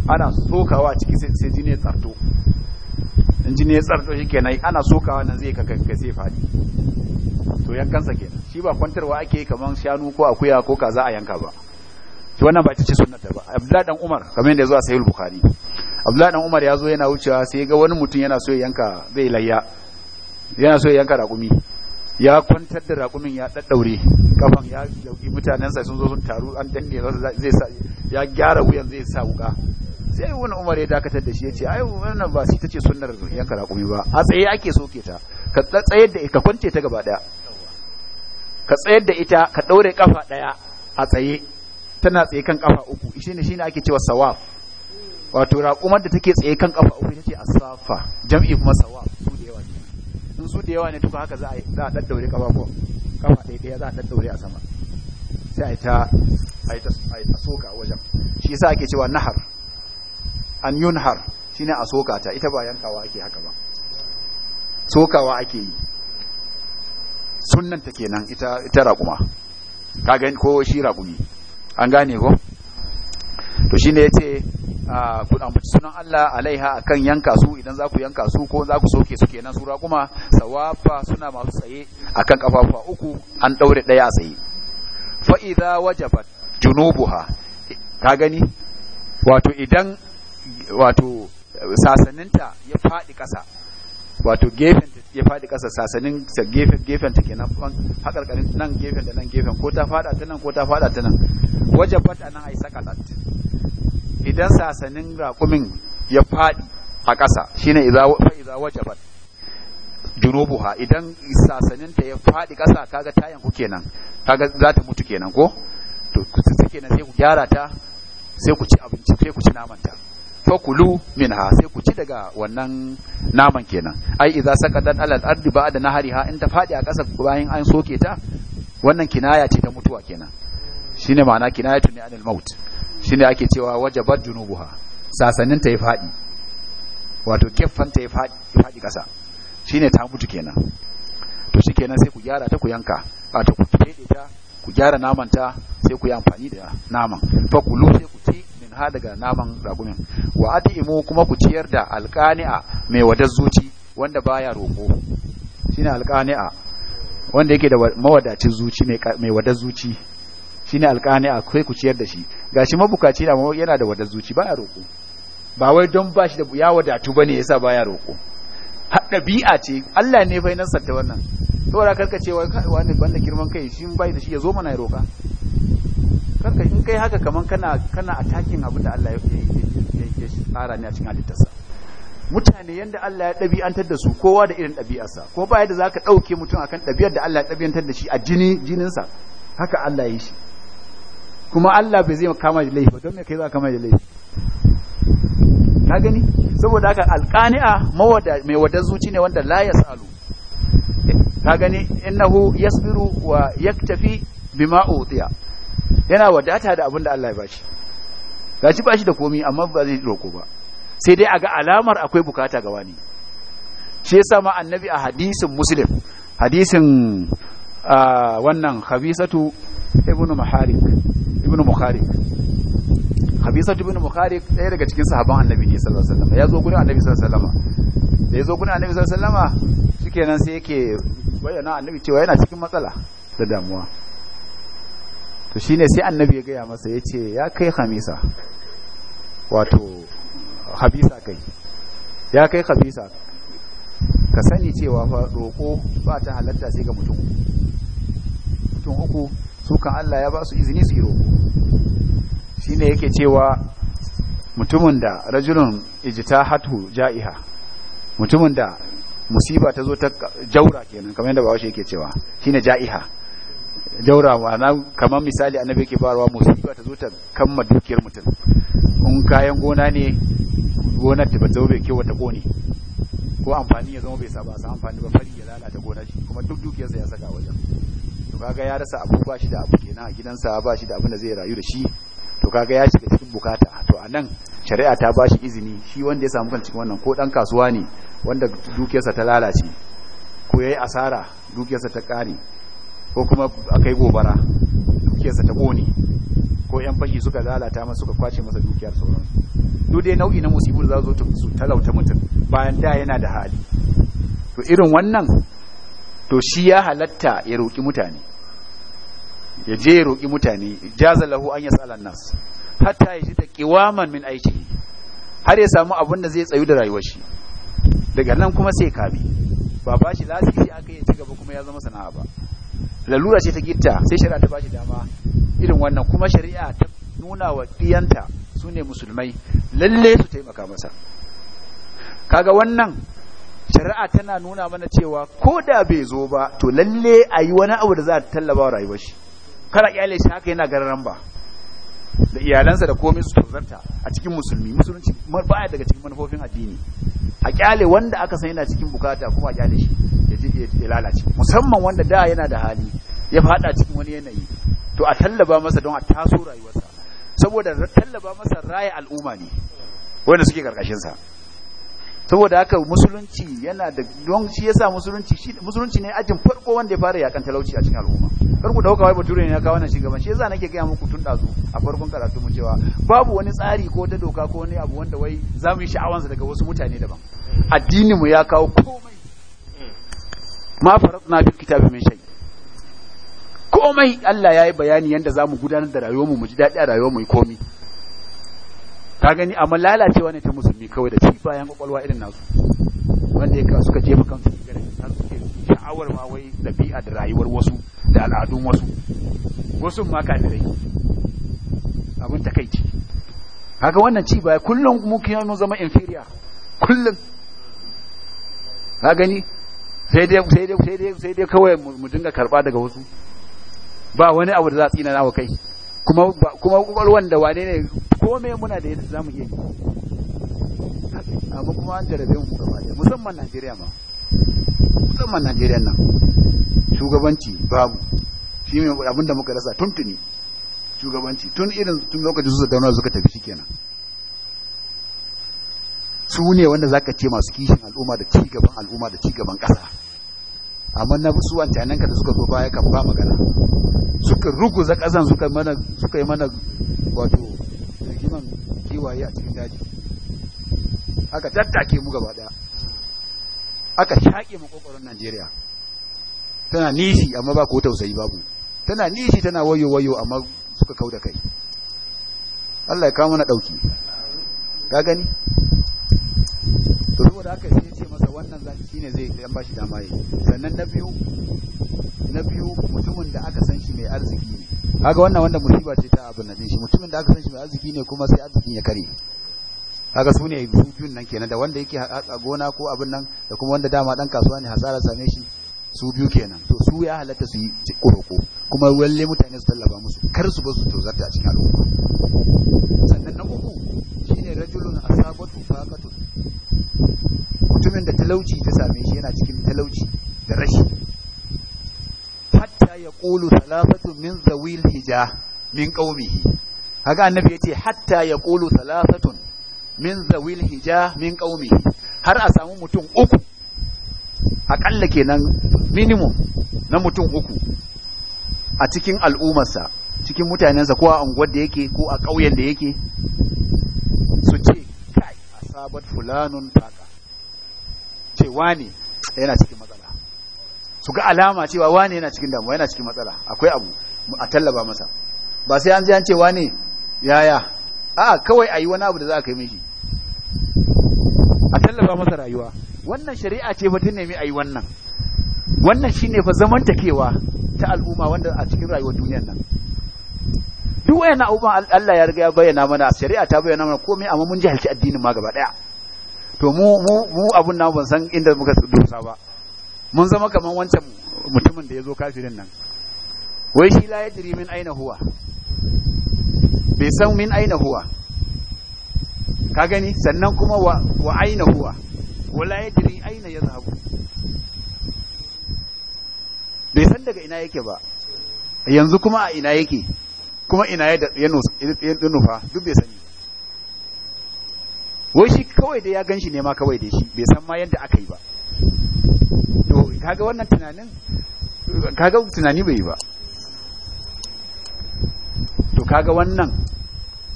ana sokawa ciki sai jini ya tsarto in ne ya tsarto shi kenan ana sokawa nan zai kai sai fadi to yankansa kenan shi ba kwantarwa ake yi kamar shanu ko akuya ko kaza a yanka ba shi wannan ba ta ce sunnata ba abdullahi dan umar kamar yadda a sahih bukhari abdullahi dan umar ya zo yana wucewa sai ga wani mutum yana so ya yanka zai layya yana so ya yanka raƙumi ya kwantar da raƙumin ya daddaure kafan ya mutanen sa sun zo sun taru an danne zai sa ya gyara wuyan zai sa wuka sai wani umar ya dakatar da shi ya ce ai wannan ba sai ta ce sunnar yanka raƙumi ba a tsaye ake soke ta ka tsayar da ka kwance ta gaba daya ka tsayar da ita ka ɗaure kafa daya a tsaye tana tsaye kan kafa uku shi shine shine ake cewa sawaf wato raƙumar da take tsaye kan kafa uku ita ce asafa jam'i kuma sawaf su da yawa ne su da yawa ne tuka haka za a za a daddaure kafa ko kafa ɗaya daya za a daddaure a sama sai a ta a ta a soka wajen shi yasa ake cewa nahar an yunhar shine a soka ta ita ba yankawa ake haka ba sokawa ake yi sunnan ta kenan ita ita raƙuma ka gani ko shi raƙumi an gane ko to shine yace ku ambaci sunan Allah alaiha akan yanka su idan za ku yanka su ko za ku soke su kenan su raƙuma sawafa suna masu tsaye akan kafafuwa uku an daure daya tsaye fa idza wajabat junubuha ka gani wato idan wato sasaninta ya faɗi ƙasa wato gefen ya faɗi ƙasa sasanin sa gefen gefen ta kenan haƙarƙarin nan gefen da nan gefen ko ta faɗa ta nan ko ta faɗa ta nan wajabata nan ai sakalat idan sasanin raƙumin ya faɗi a ƙasa shine idza fa idza wajabat junubuha idan sasanin ta ya faɗi ƙasa kaga tayan yanku kenan kaga za ta mutu kenan ko to take nan sai ku gyara ta sai ku ci abinci sai ku ci naman ta fakulu minha sai ku ci daga wannan naman kenan ai idza sakatat alal ardi ba'da nahariha in ta fadi a kasa bayan an soke ta wannan kinaya ce ta mutuwa kenan shine ma'ana kinaya tuni anil maut shine ake cewa wajabat junubuha sasannin ta yi fadi wato keffan ta yi fadi fadi ƙasa shine ta mutu kenan to shikenan sai ku gyara ta ku yanka wato ku fede ta ku gyara naman ta sai ku yi amfani da naman fakulu sai ku ci min ha daga naman ragumin wa imu kuma ku ciyar da alqani'a mai wadar zuci wanda baya roko shine alqani'a wanda yake da mawadacin zuci mai wadar zuci shine alqani'a kai ku ciyar da shi gashi mabukaci na yana da wadar zuci baya roko ba wai don ba shi da ya wadatu bane yasa baya roko bi'a ce Allah ne bai nasarta wannan saboda karka ce wani banda girman kai shi bai da shi ya zo mana ya roka kanka in kai haka kamar kana kana attacking abin da Allah ya tsara ne a cikin halittarsa mutane yanda Allah ya dabi'antar da su kowa da irin dabi'arsa ko ba yadda zaka dauke mutum akan ɗabi'ar da Allah ya dabi'antar da shi a jini jininsa haka Allah ya yi shi kuma Allah bai zai kama da laifi don me kai za kama da laifi ka gani saboda haka alqani'a mawada mai wada zuci ne wanda la yasalu ka gani innahu yasbiru wa yaktafi bima utiya yana wadata da abin da Allah ya bashi gashi bashi da komi amma ba zai roko ba sai dai a ga alamar akwai bukata ga wani shi yasa ma annabi a hadisin muslim hadisin wannan khabisatu ibnu muharik ibnu muharik khabisatu ibnu muharik ɗaya daga cikin sahabban annabi ne sallallahu alaihi wasallam ya zo gurin annabi sallallahu alaihi wasallam da ya zo gurin annabi sallallahu alaihi wasallam shikenan sai yake bayyana annabi cewa yana cikin matsala da damuwa to shi ne sai annabi ya gaya masa ya ce ya kai hamisa wato habisa kai ya kai habisa ka sani cewa fa roƙo ba ta halatta sai ga mutum mutum uku su kan Allah ya ba su izini su yi roƙo ne yake cewa mutumin da rajulun ijita hatu ja'iha mutumin da musiba ta zo ta jaura kenan kamar yadda bawo shi yake cewa shi ne ja'iha jaura ma'ana kamar misali annabi yake farawa musiba ta zo ta kama dukiyar mutum in kayan gona ne gonar ta bata bai kewa ta kone ko amfani ya zama bai saba sa amfani ba fari ya lalata gonar shi kuma duk dukiyarsa ya saka wajen to kaga ya rasa abu ba shi da abu kenan a gidansa ba shi da abin da zai rayu da shi to kaga ya shiga cikin bukata to a nan shari'a ta ba shi izini shi wanda ya samu kan cikin wannan ko dan kasuwa ne wanda dukiyarsa ta lalace ko yayi asara dukiyarsa ta kare ko kuma akai gobara dukiyarsa ta kone ko yan fashi suka lalata masa suka kwace masa dukiyar sauran duk dai nau'i na musibu za zo su talauta mutum bayan da yana da hali to irin wannan to shi ya halatta ya roƙi mutane ya je ya roƙi mutane jaza lahu an yasala nas hatta ya ji ta qiwaman min aiki har ya samu abin da zai tsayu da rayuwar shi daga nan kuma sai kabi ba ba shi lasisi aka yi ci gaba kuma ya zama sana'a ba lalura ce ta gitta sai shari'a ta bashi dama irin wannan kuma shari'a ta nuna wa ɗiyanta su ne musulmai lalle su taimaka masa kaga wannan shari'a tana nuna mana cewa ko da bai zo ba to lalle a yi wani abu da za a tallaba wa rayuwar shi kada kyale shi haka yana gararan ba da iyalansa da komai su tozarta a cikin musulmi musulunci baya daga cikin manufofin addini a kyale wanda aka san yana cikin bukata kuma a kyale shi ya ji ya lalace musamman wanda da yana da hali ya fada cikin wani yanayi to a tallaba masa don a taso rayuwarsa saboda tallaba masa raya al'umma ne wanda suke karkashin sa saboda haka musulunci yana da don shi yasa musulunci shi musulunci ne ajin farko wanda ya fara yakan talauci a cikin al'umma kar ku dauka wai bature ne ya kawo wannan shugaban shi yasa nake gaya muku tun dazu a farkon karatu mun cewa babu wani tsari ko ta doka ko wani abu wanda wai za mu yi sha'awansa daga wasu mutane daban mm. addini mu ya kawo komai mm. ma faratna fi kitabi min shay komai Allah ya yi bayani yanda zamu gudanar da rayuwar mu mu ji daɗi a rayuwar mu komai ka gani amma lalacewa ne ta musulmi kawai da ci bayan kwakwalwa irin nasu wanda ya kasu ka jefa kansu gare har suke sha'awar ma wai ɗabi'a da rayuwar wasu da al'adun wasu wasu ma kafirai abin ta ci haka wannan ci baya kullum mu kiyano zama inferior kullum ka gani sai dai sai dai sai dai kawai mu dinga karba daga wasu ba wani abu da za a tsina na kai kuma kuma kwakwalwan da wane ne kome muna da yadda zamu iya yi amma kuma an jarabe mu gaba da musamman Najeriya ma musamman Najeriya nan shugabanci babu shi ne abin da muka rasa tuntuni shugabanci tun irin tun lokacin su da suka tafi shikenan su ne wanda za ka ce masu kishin al'umma da cigaban al'umma da cigaban ƙasa amma na su nan ka da suka zo baya kan ba magana suka ruguza ƙasan suka suka yi mana wato rigiman kiwaye a cikin daji aka tattake mu gaba daya aka shaƙe makwakwaron Najeriya tana nishi amma ba ko tausayi babu tana nishi tana wayo wayo amma suka da kai Allah ya kawo mana ɗauki ka gani to saboda haka sai ce masa wannan zaki shine zai dan bashi dama yi sannan na biyu na biyu mutumin da aka san shi mai arziki ne kaga wannan wanda musiba ce ta abin nan shi mutumin da aka san shi mai arziki ne kuma sai arzikin ya kare kaga su ne su biyun nan kenan da wanda yake a gona ko abin nan da kuma wanda dama dan kasuwa ne hasara same shi su biyu kenan to su ya halatta su yi kuroko kuma walle mutane su tallafa musu kar su ba su tozarta a cikin al'umma sannan na uku shine rajulun asabatu fa da talauci ta same shi yana cikin talauci da rashi hatta ya ƙulu salafatu min zawil hija min qaumihi haka annabi yace hatta ya ƙulu salafatun min zawil hija min qaumihi har a samu mutum uku aƙalla kenan minimum na mutum uku a cikin al'ummarsa cikin mutanensa ko a unguwar da yake ko a ƙauyen da yake su ce kai asabat fulanun faka ce wani yana cikin matsala su ga alama cewa wani yana cikin damuwa yana cikin matsala akwai abu a tallaba masa ba sai an ji an ce wani yaya a'a kawai a yi wani abu da za ka kai mishi a tallaba masa rayuwa wannan shari'a ce fa nemi a yi wannan wannan shi ne fa zamantakewa ta al'umma wanda a cikin rayuwar duniyar nan duk wayan abubuwan Allah ya riga ya bayyana mana shari'a ta bayyana mana komai amma mun jahilci addinin ma gaba daya to mu mu mu abun nan ban san inda muka dosa ba mun zama kaman wancan mutumin da ya zo kafirin nan wai shi la yadri min aina huwa bai san min aina huwa ka gani sannan kuma wa, wa aina huwa wala yadri aina yazhabu bai san daga ina yake ba yanzu kuma a ina yake kuma ina ya nufa duk bai sani wai shi kawai da ya gan shi ne ma kawai da shi bai san ma yadda aka yi ba to kaga wannan tunanin kaga tunani bai yi ba to kaga wannan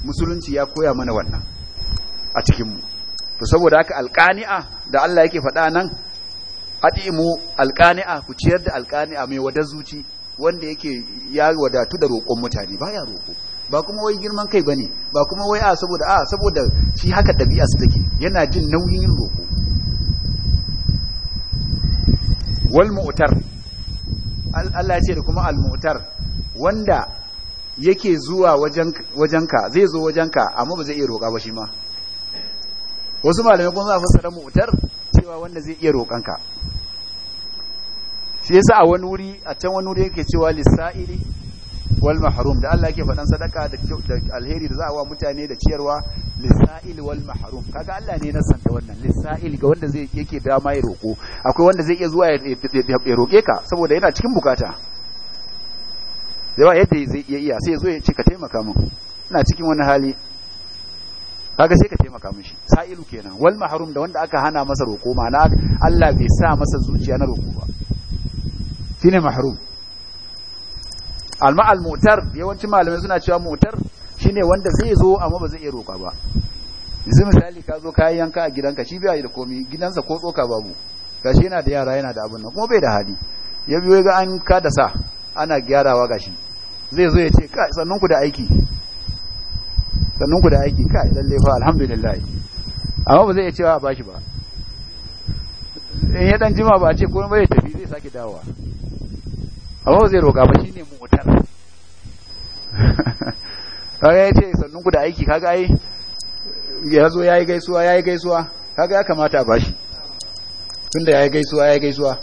musulunci ya koya mana wannan a cikinmu to saboda haka alqani'a da Allah yake faɗa nan atimu alqani'a ku ciyar da alqani'a mai wadar zuci wanda yake ya wadatu da roƙon mutane baya roƙo ba kuma wai girman kai bane ba kuma wai a ah, saboda a ah, saboda shi haka ɗabi'a su take yana jin nauyin yin roƙo wal mu'tar Allah ya ce da kuma al mu'tar wanda yake zuwa wajenka zai zo wajenka amma ba zai iya roƙa ba shi ma wasu malamai kuma za a fassara mu'tar cewa wanda zai iya roƙanka shi yasa a wani wuri a can wani wuri yake cewa lissa'ili wal mahrum da Allah yake faɗan sadaka da alheri da za a wa mutane da ciyarwa lisa'il wal mahrum kaga Allah ne na santa wannan lisa'il ga wanda zai yake dama ya roko akwai wanda zai iya zuwa ya roke ka saboda yana cikin bukata zai ba yadda zai iya iya sai ya zo ya ce ka taimaka min ina cikin wani hali kaga sai ka taimaka shi sa'ilu kenan wal mahrum da wanda aka hana masa roko ma'ana Allah bai sa masa zuciya na roko ba shine mahrum amma al-mu'tar yawancin malamai suna cewa mu'tar shine wanda zai zo amma ba zai iya roƙa ba yanzu misali ka zo kayan yanka a gidanka shi bai da komi gidansa ko tsoka babu gashi yana da yara yana da abin nan kuma bai da hali ya biyo ga an ka da sa ana gyarawa gashi zai zo ya ce kai sannan ku da aiki sannan ku da aiki kai lalle fa alhamdulillah amma ba zai iya cewa a bashi ba in ya dan jima ba a ce komai bai tafi zai sake dawowa amma ba zai roƙa ba shine mutar kaga ya ce sannun ku da aiki kaga ai ya zo ya yi gaisuwa ya yi gaisuwa kaga ya kamata a bashi tunda ya yi gaisuwa ya yi gaisuwa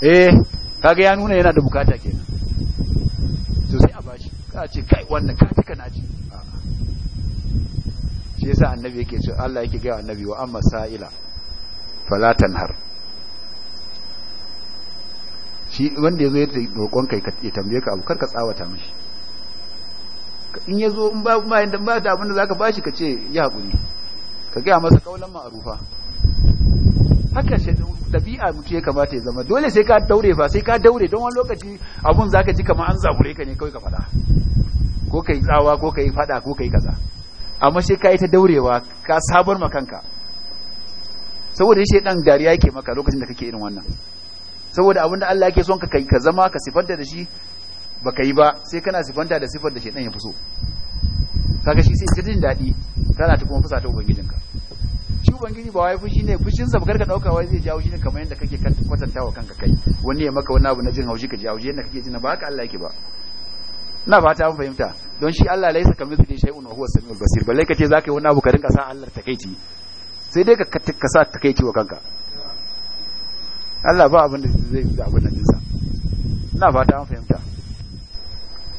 eh kaga ya nuna yana da bukata kenan to sai a bashi ka ce kai wannan ka taka naji shi yasa annabi yake cewa Allah yake ga annabi wa amma sa'ila fala tanhar shi wanda ya zo ya roƙon kai ya tambaye ka abu karka tsawata mishi in ya zo in ba ma da ba ta abin da zaka bashi ka ce ya haƙuri ka gaya masa kaulan ma'arufa haka shi dabi'a mutu ya kamata ya zama dole sai ka daure fa sai ka daure don wani lokaci abun zaka ji kamar an zabure ka ne kawai ka faɗa ko kai tsawa ko kai faɗa ko kai kaza amma sai ka yi ta daurewa ka sabar ma kanka saboda shi dan dariya yake maka lokacin da kake irin wannan saboda abin da Allah yake son ka kai ka zama ka sifanta da shi baka yi ba sai kana sifanta da sifar da shi dan ya fi so kaga shi sai jin daɗi kana ta kuma fusa ta ubangijinka shi ubangiji ba wai fushi ne fushin sa ka dauka wai zai jawo shi ne kamar yadda kake kwatantawa kanka kai wani ya maka wani abu na jin haushi ka jawo shi yadda kake jin ba haka Allah yake ba ina ba ta fahimta don shi Allah laisa kamithlihi shay'un wa huwa samiul basir balle kace zaka yi wani abu ka rinka sa Allah ci sai dai ka ka sa ci wa kanka Allah ba abin da zai yi abin da jinsa ina fata an fahimta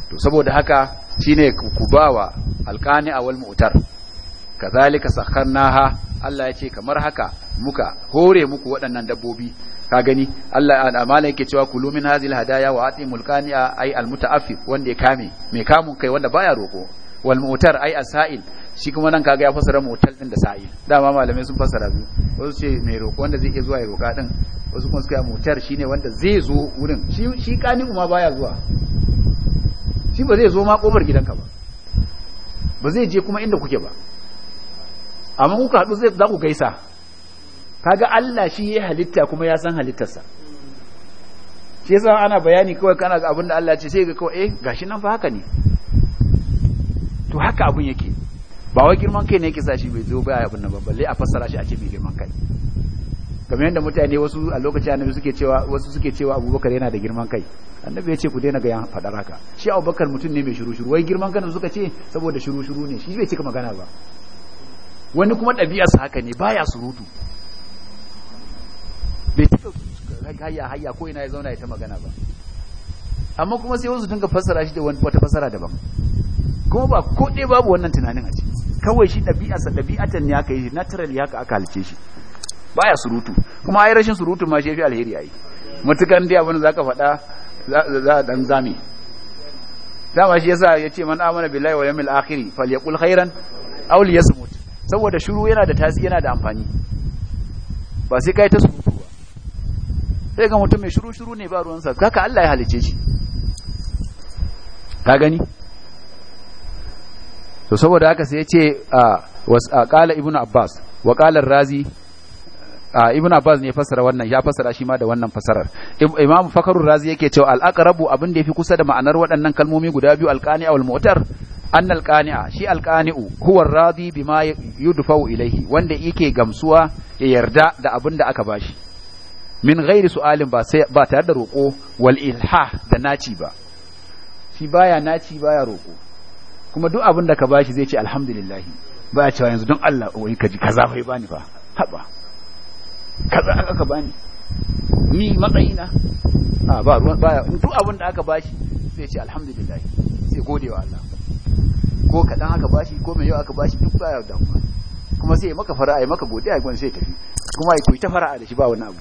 to saboda haka shine ku bawa alqani awal mu'tar kazalika sakharnaha Allah ce kamar haka muka hore muku waɗannan dabbobi ka gani Allah amana yake cewa kulu min ya alhadaya wa ati mulkani ay almutaaffif wanda ya kame mai kamun kai wanda baya roko wal mu'tar ay asail shi kuma nan kaga ya fasara motal din da sa'il dama malamai sun fasara biyu wasu ce mai roƙo wanda zai iya zuwa ya roƙa din wasu kuma suka motar shine wanda zai zo wurin shi shi kanin kuma baya zuwa shi ba zai zo ma kofar gidanka ba ba zai je kuma inda kuke ba amma kuka haɗu zai za ku gaisa kaga Allah shi ya halitta kuma ya san halittarsa shi yasa ana bayani kawai kana ga abin da Allah ce sai ga kawai eh gashi nan fa haka ne to haka abun yake ba wai girman kai ne yake sa shi bai zo baya abin nan ba balle a fassara shi a ce mai girman kai kamar yadda mutane wasu a lokacin annabi suke cewa wasu suke cewa Abubakar yana da girman kai annabi ya ce ku daina ga yan fadar haka shi Abubakar mutum ne mai shiru shiru wai girman kan suka ce saboda shiru shiru ne shi bai cika magana ba wani kuma sa haka ne baya surutu bai cika hayya hayya ko ina ya zauna ya ta magana ba amma kuma sai wasu dinga fassara shi da wata fassara daban kuma ba ko ɗaya babu wannan tunanin a ciki kawai shi ɗabi'arsa ɗabi'atan ne aka yi shi ya haka aka halice shi ba ya surutu kuma ai rashin surutu ma shi fi alheri yi matukan dai abin zaka faɗa za a dan zame dama shi yasa ce man amana billahi wal yawmil akhir falyaqul khairan aw liyasmut saboda shiru yana da tasiri yana da amfani ba sai kai ta surutu ba sai ga mutum mai shiru shiru ne ba ruwansa kaka Allah ya halice shi ka gani to saboda haka sai ya ce a kala Ibn abbas wa kala razi ibn abbas ne fassara wannan ya fassara shi ma da wannan fassarar imam fakarur razi yake cewa al abin da ya fi kusa da ma'anar waɗannan kalmomi guda biyu al a wal an al shi al qani'u huwa radi bima yudfa'u ilaihi, wanda yake gamsuwa ya yarda da abin da aka bashi min gairi su'alin ba sai ba tare da roko wal ilha da naci ba shi baya naci baya roko kuma duk abin da ka bashi zai ce alhamdulillah ba ya cewa yanzu don Allah wai ka ji kaza bai bani fa haba kaza aka bani ni matsayina a ba ruwan baya duk abin da aka bashi zai ce alhamdulillah sai gode wa Allah ko kaɗan aka bashi ko mai yau aka bashi duk baya mu kuma sai maka fara'a ya maka godiya gwan sai tafi kuma ya koyi ta fara'a da shi ba wani abu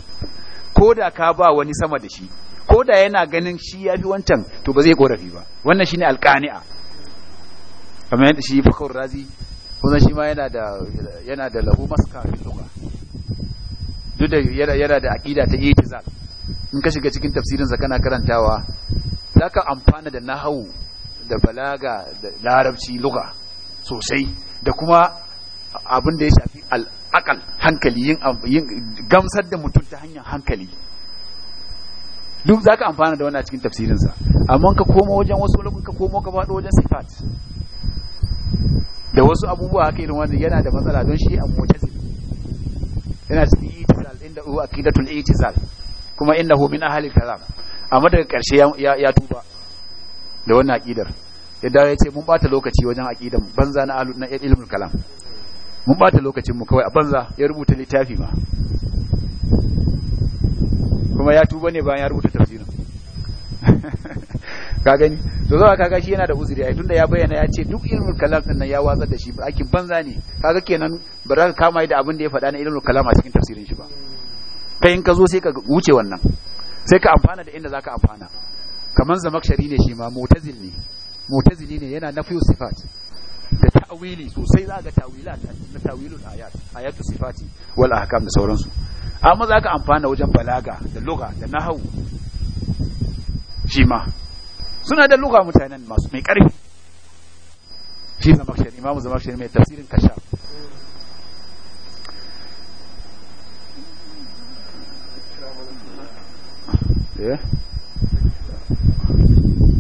ko da ka ba wani sama da shi ko da yana ganin shi ya fi wancan to ba zai korafi ba wannan shine alƙani'a kamar yadda shi fakar razi kuma shi ma yana da yana da lahu maska kafin lugha duk da yana da aƙida ta itizal in ka shiga cikin tafsirin sa kana karantawa Za ka amfana da nahawu da balaga da larabci lug'a sosai da kuma abin da ya shafi al'akal hankali yin gamsar da mutum ta hanyar hankali duk ka amfana da wannan cikin tafsirinsa amma ka koma wajen wasu lokacin ka koma ka faɗo wajen sifat da wasu abubuwa haka irin wanda yana da matsala don shi a mutazil yana cikin itizal inda u aqidatul itizal kuma innahu a halin kalam amma daga karshe ya tuba da wannan aqidar yadda ya ce mun bata lokaci wajen akidar banza na ilimin kalam mun bata lokacin mu kawai a banza ya rubuta littafi ma kuma ya tuba ne bayan ya rubuta tafsirin ka gani to ka kaga shi yana da uzuri ai tunda ya bayyana ya ce duk ilmul kalam din nan ya watsar da shi ba akin banza ne kaga kenan ba za ka kama da abin da ya faɗa na ilmul kalam a cikin tafsirin shi ba kai in ka zo sai ka wuce wannan sai ka amfana da inda zaka amfana kaman zamakshari ne shi ma mu'tazil ne mu'tazili ne yana nafiyu sifat da ta'wili sosai za ga tawila na tawilul ayat ayatu sifati wal ahkam da sauransu amma zaka amfana wajen balaga da lugha da nahawu shi ma suna da lugha mutanen masu mai ƙarfi shi zamakshari imamu zamakshari mai tafsirin kasha eh?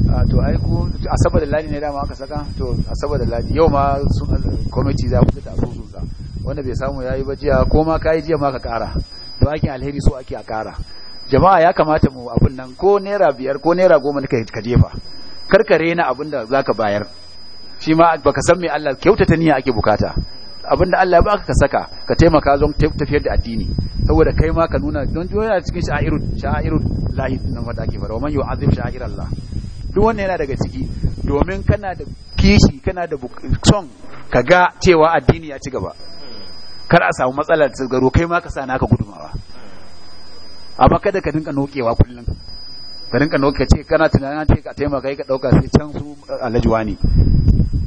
a ah, to ai ko asabar da ladi ne dama aka saka to asabar da ladi yau ma sun committee za ku da asusun sa wanda bai samu ya ba jiya ko ma ka yi jiya ma ka kara to ake alheri so ake a kara jama'a ya kamata mu abin nan ko naira biyar ko naira goma ne ka jefa karkare na abin da za ka bayar shi ma baka san me Allah kyautata niyya ake bukata abin da Allah ya baka ka saka ka taimaka zon tafiyar da addini saboda kai ma ka nuna don yana cikin sha'iru sha'iru lahi nan wanda ake fara man yu'azzim sha'ir Allah duk wannan yana daga ciki domin kana da kishi kana da son ka ga cewa addini ya ci gaba kar a samu matsalar tsagaro kai ma ka sa naka gudumawa amma kada ka dinka nokewa kullum ka dinka noke ce kana tunanin ce ka taimaka ka dauka sai can su uh, alajuwa ne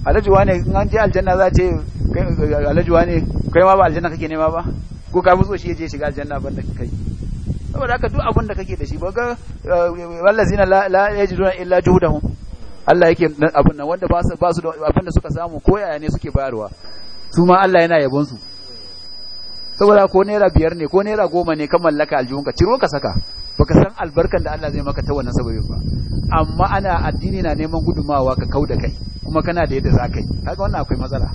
alajuwa ne in an je aljanna za ce uh, alajuwa ne kai ma ba aljanna kake nema ba ko ka mutso shi ya je shiga aljanna ban da kai saboda haka duk abin da kake da shi ba ga uh, wallazina la yajiduna illa juhudahum Allah yake abin nan wanda ba su da abin da suka samu ko yaya ne suke bayarwa su ma Allah yana yabon su saboda ko naira biyar ne ko naira goma ne ka mallaka aljihunka ciro ka saka baka san albarkan da Allah zai maka ta wannan sababin ba amma ana addini na neman gudumawa ka kauda kai kuma kana da yadda za ka yi kaga wannan akwai matsala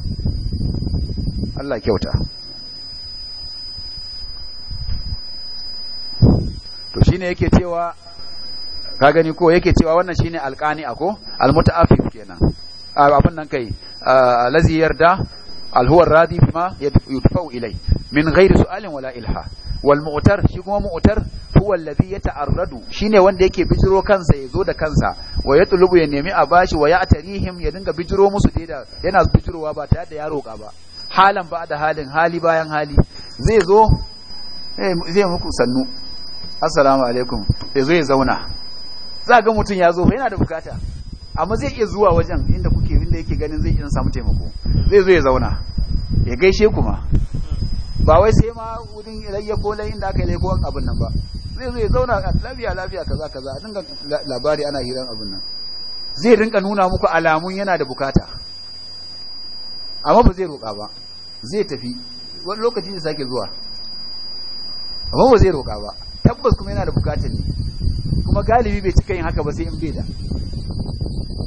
Allah kyauta to shine yake cewa ka gani ko yake cewa wannan shine alqani ako almutaafif kenan abin nan kai lazi yarda al huwa radi bima yudfa'u ilai min ghairi su'alin wala ilha wal mu'tar shi kuma mu'tar huwa alladhi yata'arradu shine wanda yake bijiro kansa ya zo da kansa wa tulubu ya nemi a bashi wa tarihin ya dinga bijiro musu da yana bijirowa ba tare da ya ka ba halan ba da halin hali bayan hali zai zo zai muku sannu assalamu alaikum zai zo ya zauna za ga mutum ya zo yana da bukata amma zai iya zuwa wajen inda kuke inda yake ganin zai iya samu taimako zai zo ya zauna ya gaishe kuma ba wai sai ma wurin ilayya ko lai inda aka yi laifin abin nan ba zai zo ya zauna lafiya lafiya kaza kaza a dinga labari ana hiran abin nan zai rinka nuna muku alamun yana da bukata amma ba zai roƙa ba zai tafi wani lokaci ne sake zuwa amma ba zai roƙa ba tabbas kuma yana da bukatar ne kuma galibi bai cika yin haka ba sai in bai da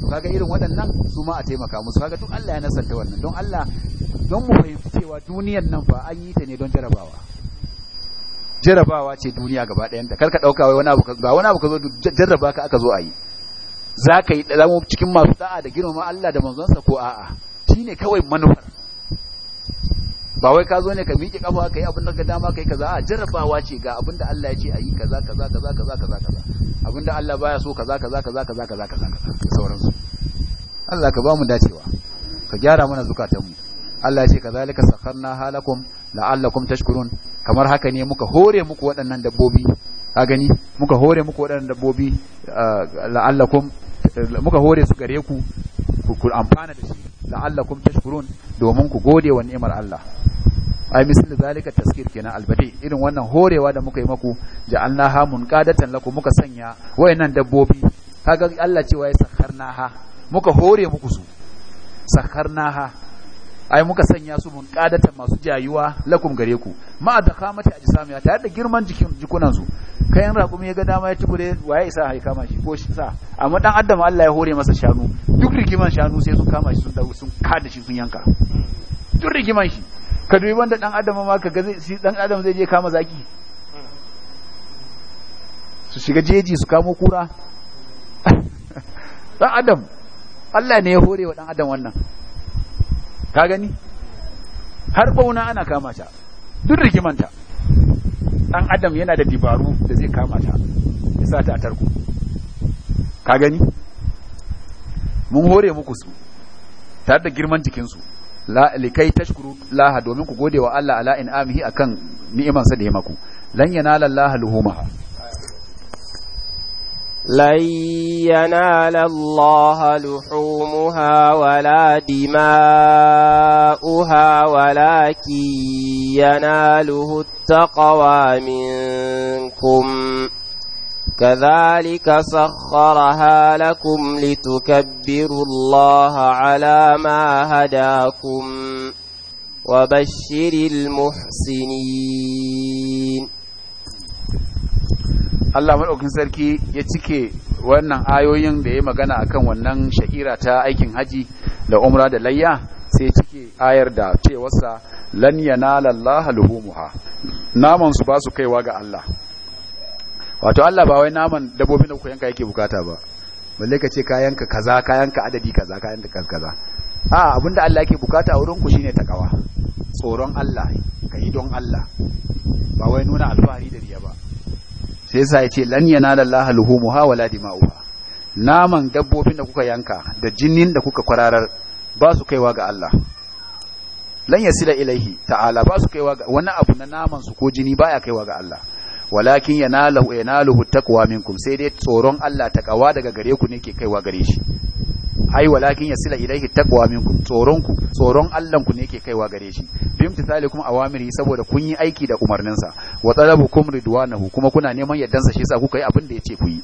kaga irin waɗannan su ma a taimaka musu kaga duk Allah ya nasanta wannan don Allah don mu fahimci cewa duniyar nan fa an yi ta ne don jarabawa jarabawa ce duniya gaba ɗayanta kar ka ɗauka wai wani abu ba wani abu ka zo jarraba ka aka zo a yi za ka yi cikin masu da'a da girmama Allah da manzonsa ko a'a shine kawai manufar ba wai ka zo ne ka miƙe kafa ka yi abin da ka dama ka yi kaza a jarrabawa ce ga abin da Allah ya ce a yi kaza kaza kaza kaza kaza kaza abin da Allah baya so kaza kaza kaza kaza kaza kaza da sauransu Allah ka ba mu dacewa ka gyara mana zukatanmu Allah ya ce kazalika sakharna halakum la'allakum tashkurun kamar haka ne muka hore muku waɗannan dabbobi ka gani muka hore muku waɗannan dabbobi la'allakum muka hore su gare ku ku amfana da shi la'allakum tashkurun domin ku gode wa ni'imar Allah ai misal zalika taskir kenan albadi irin wannan horewa da muka yi maku ja'alnaha munqadatan lakum muka sanya wayannan dabbobi kaga Allah cewa ya sakharnaha muka hore muku su sakharnaha ai muka sanya su mun kadata masu jayuwa lakum gare ku ma da kamata a jisamiya tare da girman jikin jikunan su kayan raƙumi ya ga dama ya tukure waye isa ya kama shi ko shi sa amma dan adam Allah ya hore masa shanu duk rigiman shanu sai sun kama shi sun dawo sun kada shi sun yanka duk rigiman shi ka dubi wanda dan adam ma ka ga zai dan adam zai je kama zaki su shiga jeji su kamo kura dan adam Allah ne ya hore wa dan adam wannan ka gani har bauna ana kama ta duk rigimanta dan adam yana da dibaru da zai kama ta ya sa ta a tarko ka gani mun hore muku su tare da girman jikinsu likai tashkuru laha domin ku gode wa Allah ala in amihi akan ni'imansa da ya maku lan yanala laha luhumaha لن ينال الله لحومها ولا دماؤها ولكن يناله التقوى منكم كذلك سخرها لكم لتكبروا الله على ما هداكم وبشر المحسنين Allah madaukakin sarki ya cike wannan ayoyin da ya magana akan wannan sha'ira ta aikin haji da umra da layya sai cike ayar da cewarsa lan yanala Allah luhumuha naman su ba su kaiwa ga Allah wato Allah ba wai naman dabbobin da kuka yanka yake bukata ba balle ka ce kayanka kaza ka adadi kaza kayanka kaza a abinda Allah yake bukata a wurin ku shine takawa tsoron Allah ka don Allah ba wai nuna alfahari da riya ba sai yasa ce lan yanala Allah luhumuha wala dima'uha naman dabbobin da kuka yanka da jinin da kuka kwararar ba su kaiwa ga Allah lan yasila ilaihi ta'ala ba su kaiwa ga wani abu na naman su ko jini baya kaiwa ga Allah walakin yanalahu yanaluhu taqwa minkum sai dai tsoron Allah takawa daga gare ku ne ke kaiwa gare shi ai walakin yasila ilaihi taqwa minkum tsoron ku tsoron Allah ku ne yake kaiwa gare shi bi kuma awamiri saboda kun yi aiki da umarninsa wa talabukum ridwanahu kuma kuna neman sa shi yasa kuka yi abin da yace ku yi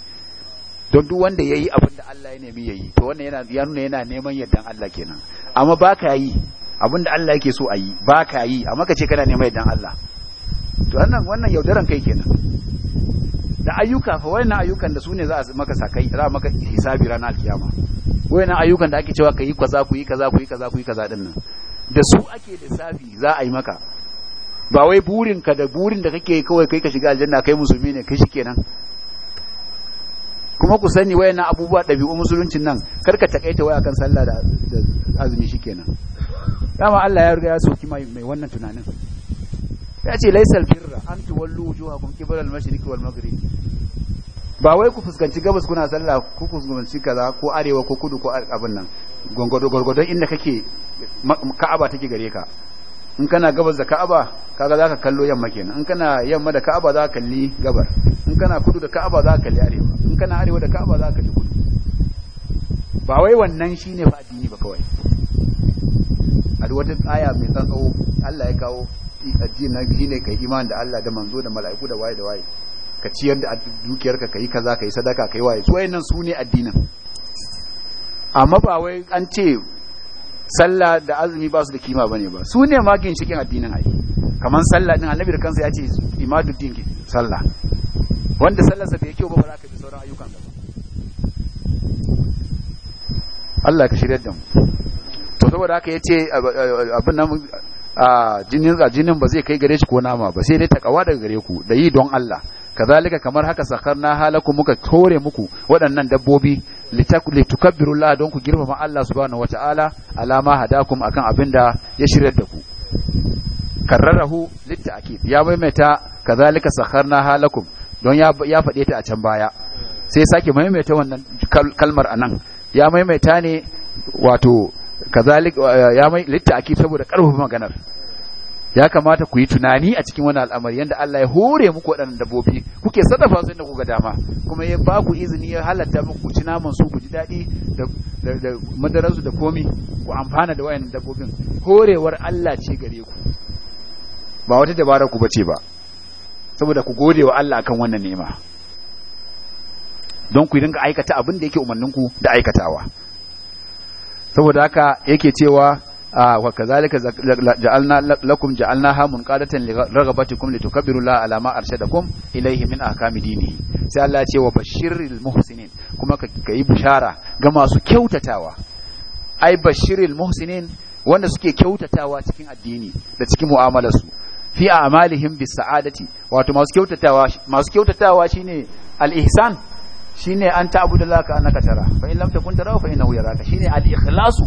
don duk wanda yayi abin da Allah ya nemi yayi to wannan yana ya nuna yana neman yardan Allah kenan amma baka yi abin da Allah yake so a yi baka yi amma ka ce kana neman yardan Allah to wannan wannan yaudaran kai kenan da ayyuka fa wayannan ayyukan da su ne za a maka sakai za a maka hisabi ranar alkiyama wayannan ayyukan da ake cewa ka yi kaza ku yi kaza ku yi kaza ku yi kaza din nan da su ake lissafi za a yi maka ba wai burin ka da burin da kake kawai kai ka shiga aljanna kai musulmi ne kai shikenan kuma ku sani wayannan abubuwa ɗabi'u musuluncin nan kar ka takaita waya kan sallah da azumi shikenan dama Allah ya riga ya soki mai wannan tunanin ya ce laisal birra an tuwallu a qibla kibar mashriqi wal magribi ba wai ku fuskanci gabas kuna sallah ku fuskanci kaza ko arewa ko kudu ko abin nan gwangwadon inda kake ka'aba take gare ka in kana gabas da ka'aba kaga za ka kallo yamma kenan in kana yamma da ka'aba za ka kalli gabar in kana kudu da ka'aba za ka kalli arewa in kana arewa da ka'aba za ka kalli kudu ba wai wannan shine fa addini ba kawai a wata aya mai tsan Allah ya kawo addini nan shine kai imani da Allah da manzo da mala'iku da waye da waye ka ciyar da dukiyarka kai kaza kai sadaka kai waye su wayennan su ne addinin amma ba wai an ce sallah da azumi ba su da kima bane ba su ne ma ginshikin addinin ai kaman sallah din annabi da kansa ya ce imaduddin sallah wanda sallar sa bai kyau ba ba za ka bi sauran ayyukan ba Allah ka shirya da mu to saboda haka yace abin nan a jinin a jinin ba zai kai gare shi ko nama ba sai dai kawa daga gare ku da yi don Allah kazalika kamar haka na halakum muka tore muku waɗannan dabbobi Allah don ku girmama Allah subhanahu wataala alama hadakum akan abin da ya shiryar da ku karrarahu litta'kid ya maimaita kazalika sakarna halakum don ya ya fade ta a can baya sai sake maimaita wannan kalmar anan ya maimaita ne wato kazalik eh, ya mai litta aki saboda karfafa maganar ya kamata ku yi tunani a cikin wani al'amari yadda Allah ya hore muku waɗannan dabbobi kuke sadafa su da kuka dama kuma ya ba ku izini ya halatta muku ci naman su ku ji daɗi da madararsu da komi ku amfana da wayannan dabbobin horewar Allah ce gare ku ba wata dabara ku bace ba saboda ku gode wa Allah akan wannan ni'ima don ku dinga aikata abin da yake umarninku da aikatawa saboda haka yake cewa ah, wa kazalika ja'alna lakum ja'alna ha munqadatan li li litukabbiru la ala ma arshadakum ilayhi min ahkami dini sai Allah ya ce wa bashiril muhsinin kuma ka yi bishara ga masu kyautatawa ai bashiril muhsinin wanda suke kyautatawa cikin addini da cikin mu'amalarsu fi a'malihim bis sa'adati wato masu kyautatawa masu kyautatawa shine al ihsan shine an ta'budu laka annaka tara fa in lam takun tara fa innahu yaraka shine al-ikhlasu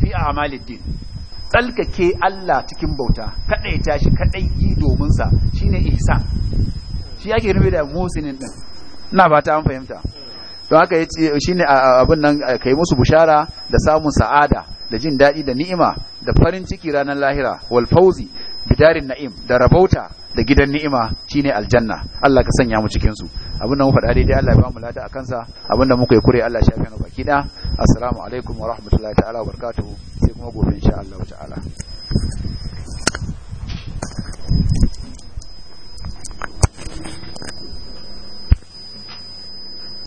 fi a'malid din tsalkake Allah cikin bauta kadai tashi kadai yi domin sa shine ihsan shi yake rubi da musinin din ina ba ta an fahimta don haka yace shine abin nan kai musu bushara da samun sa'ada da jin daɗi da ni'ima da farin ciki ranar lahira wal fawzi bidarin na'im da rabauta da gidan ni'ima shi ne aljanna Allah ka sanya mu cikin su abinda mu faɗa daidai Allah ya ba mu lada a kansa abinda muka yi kure Allah ya shafe mu baki da assalamu alaikum wa rahmatullahi ta'ala wa barakatuhu sai kuma gobe insha Allah ta'ala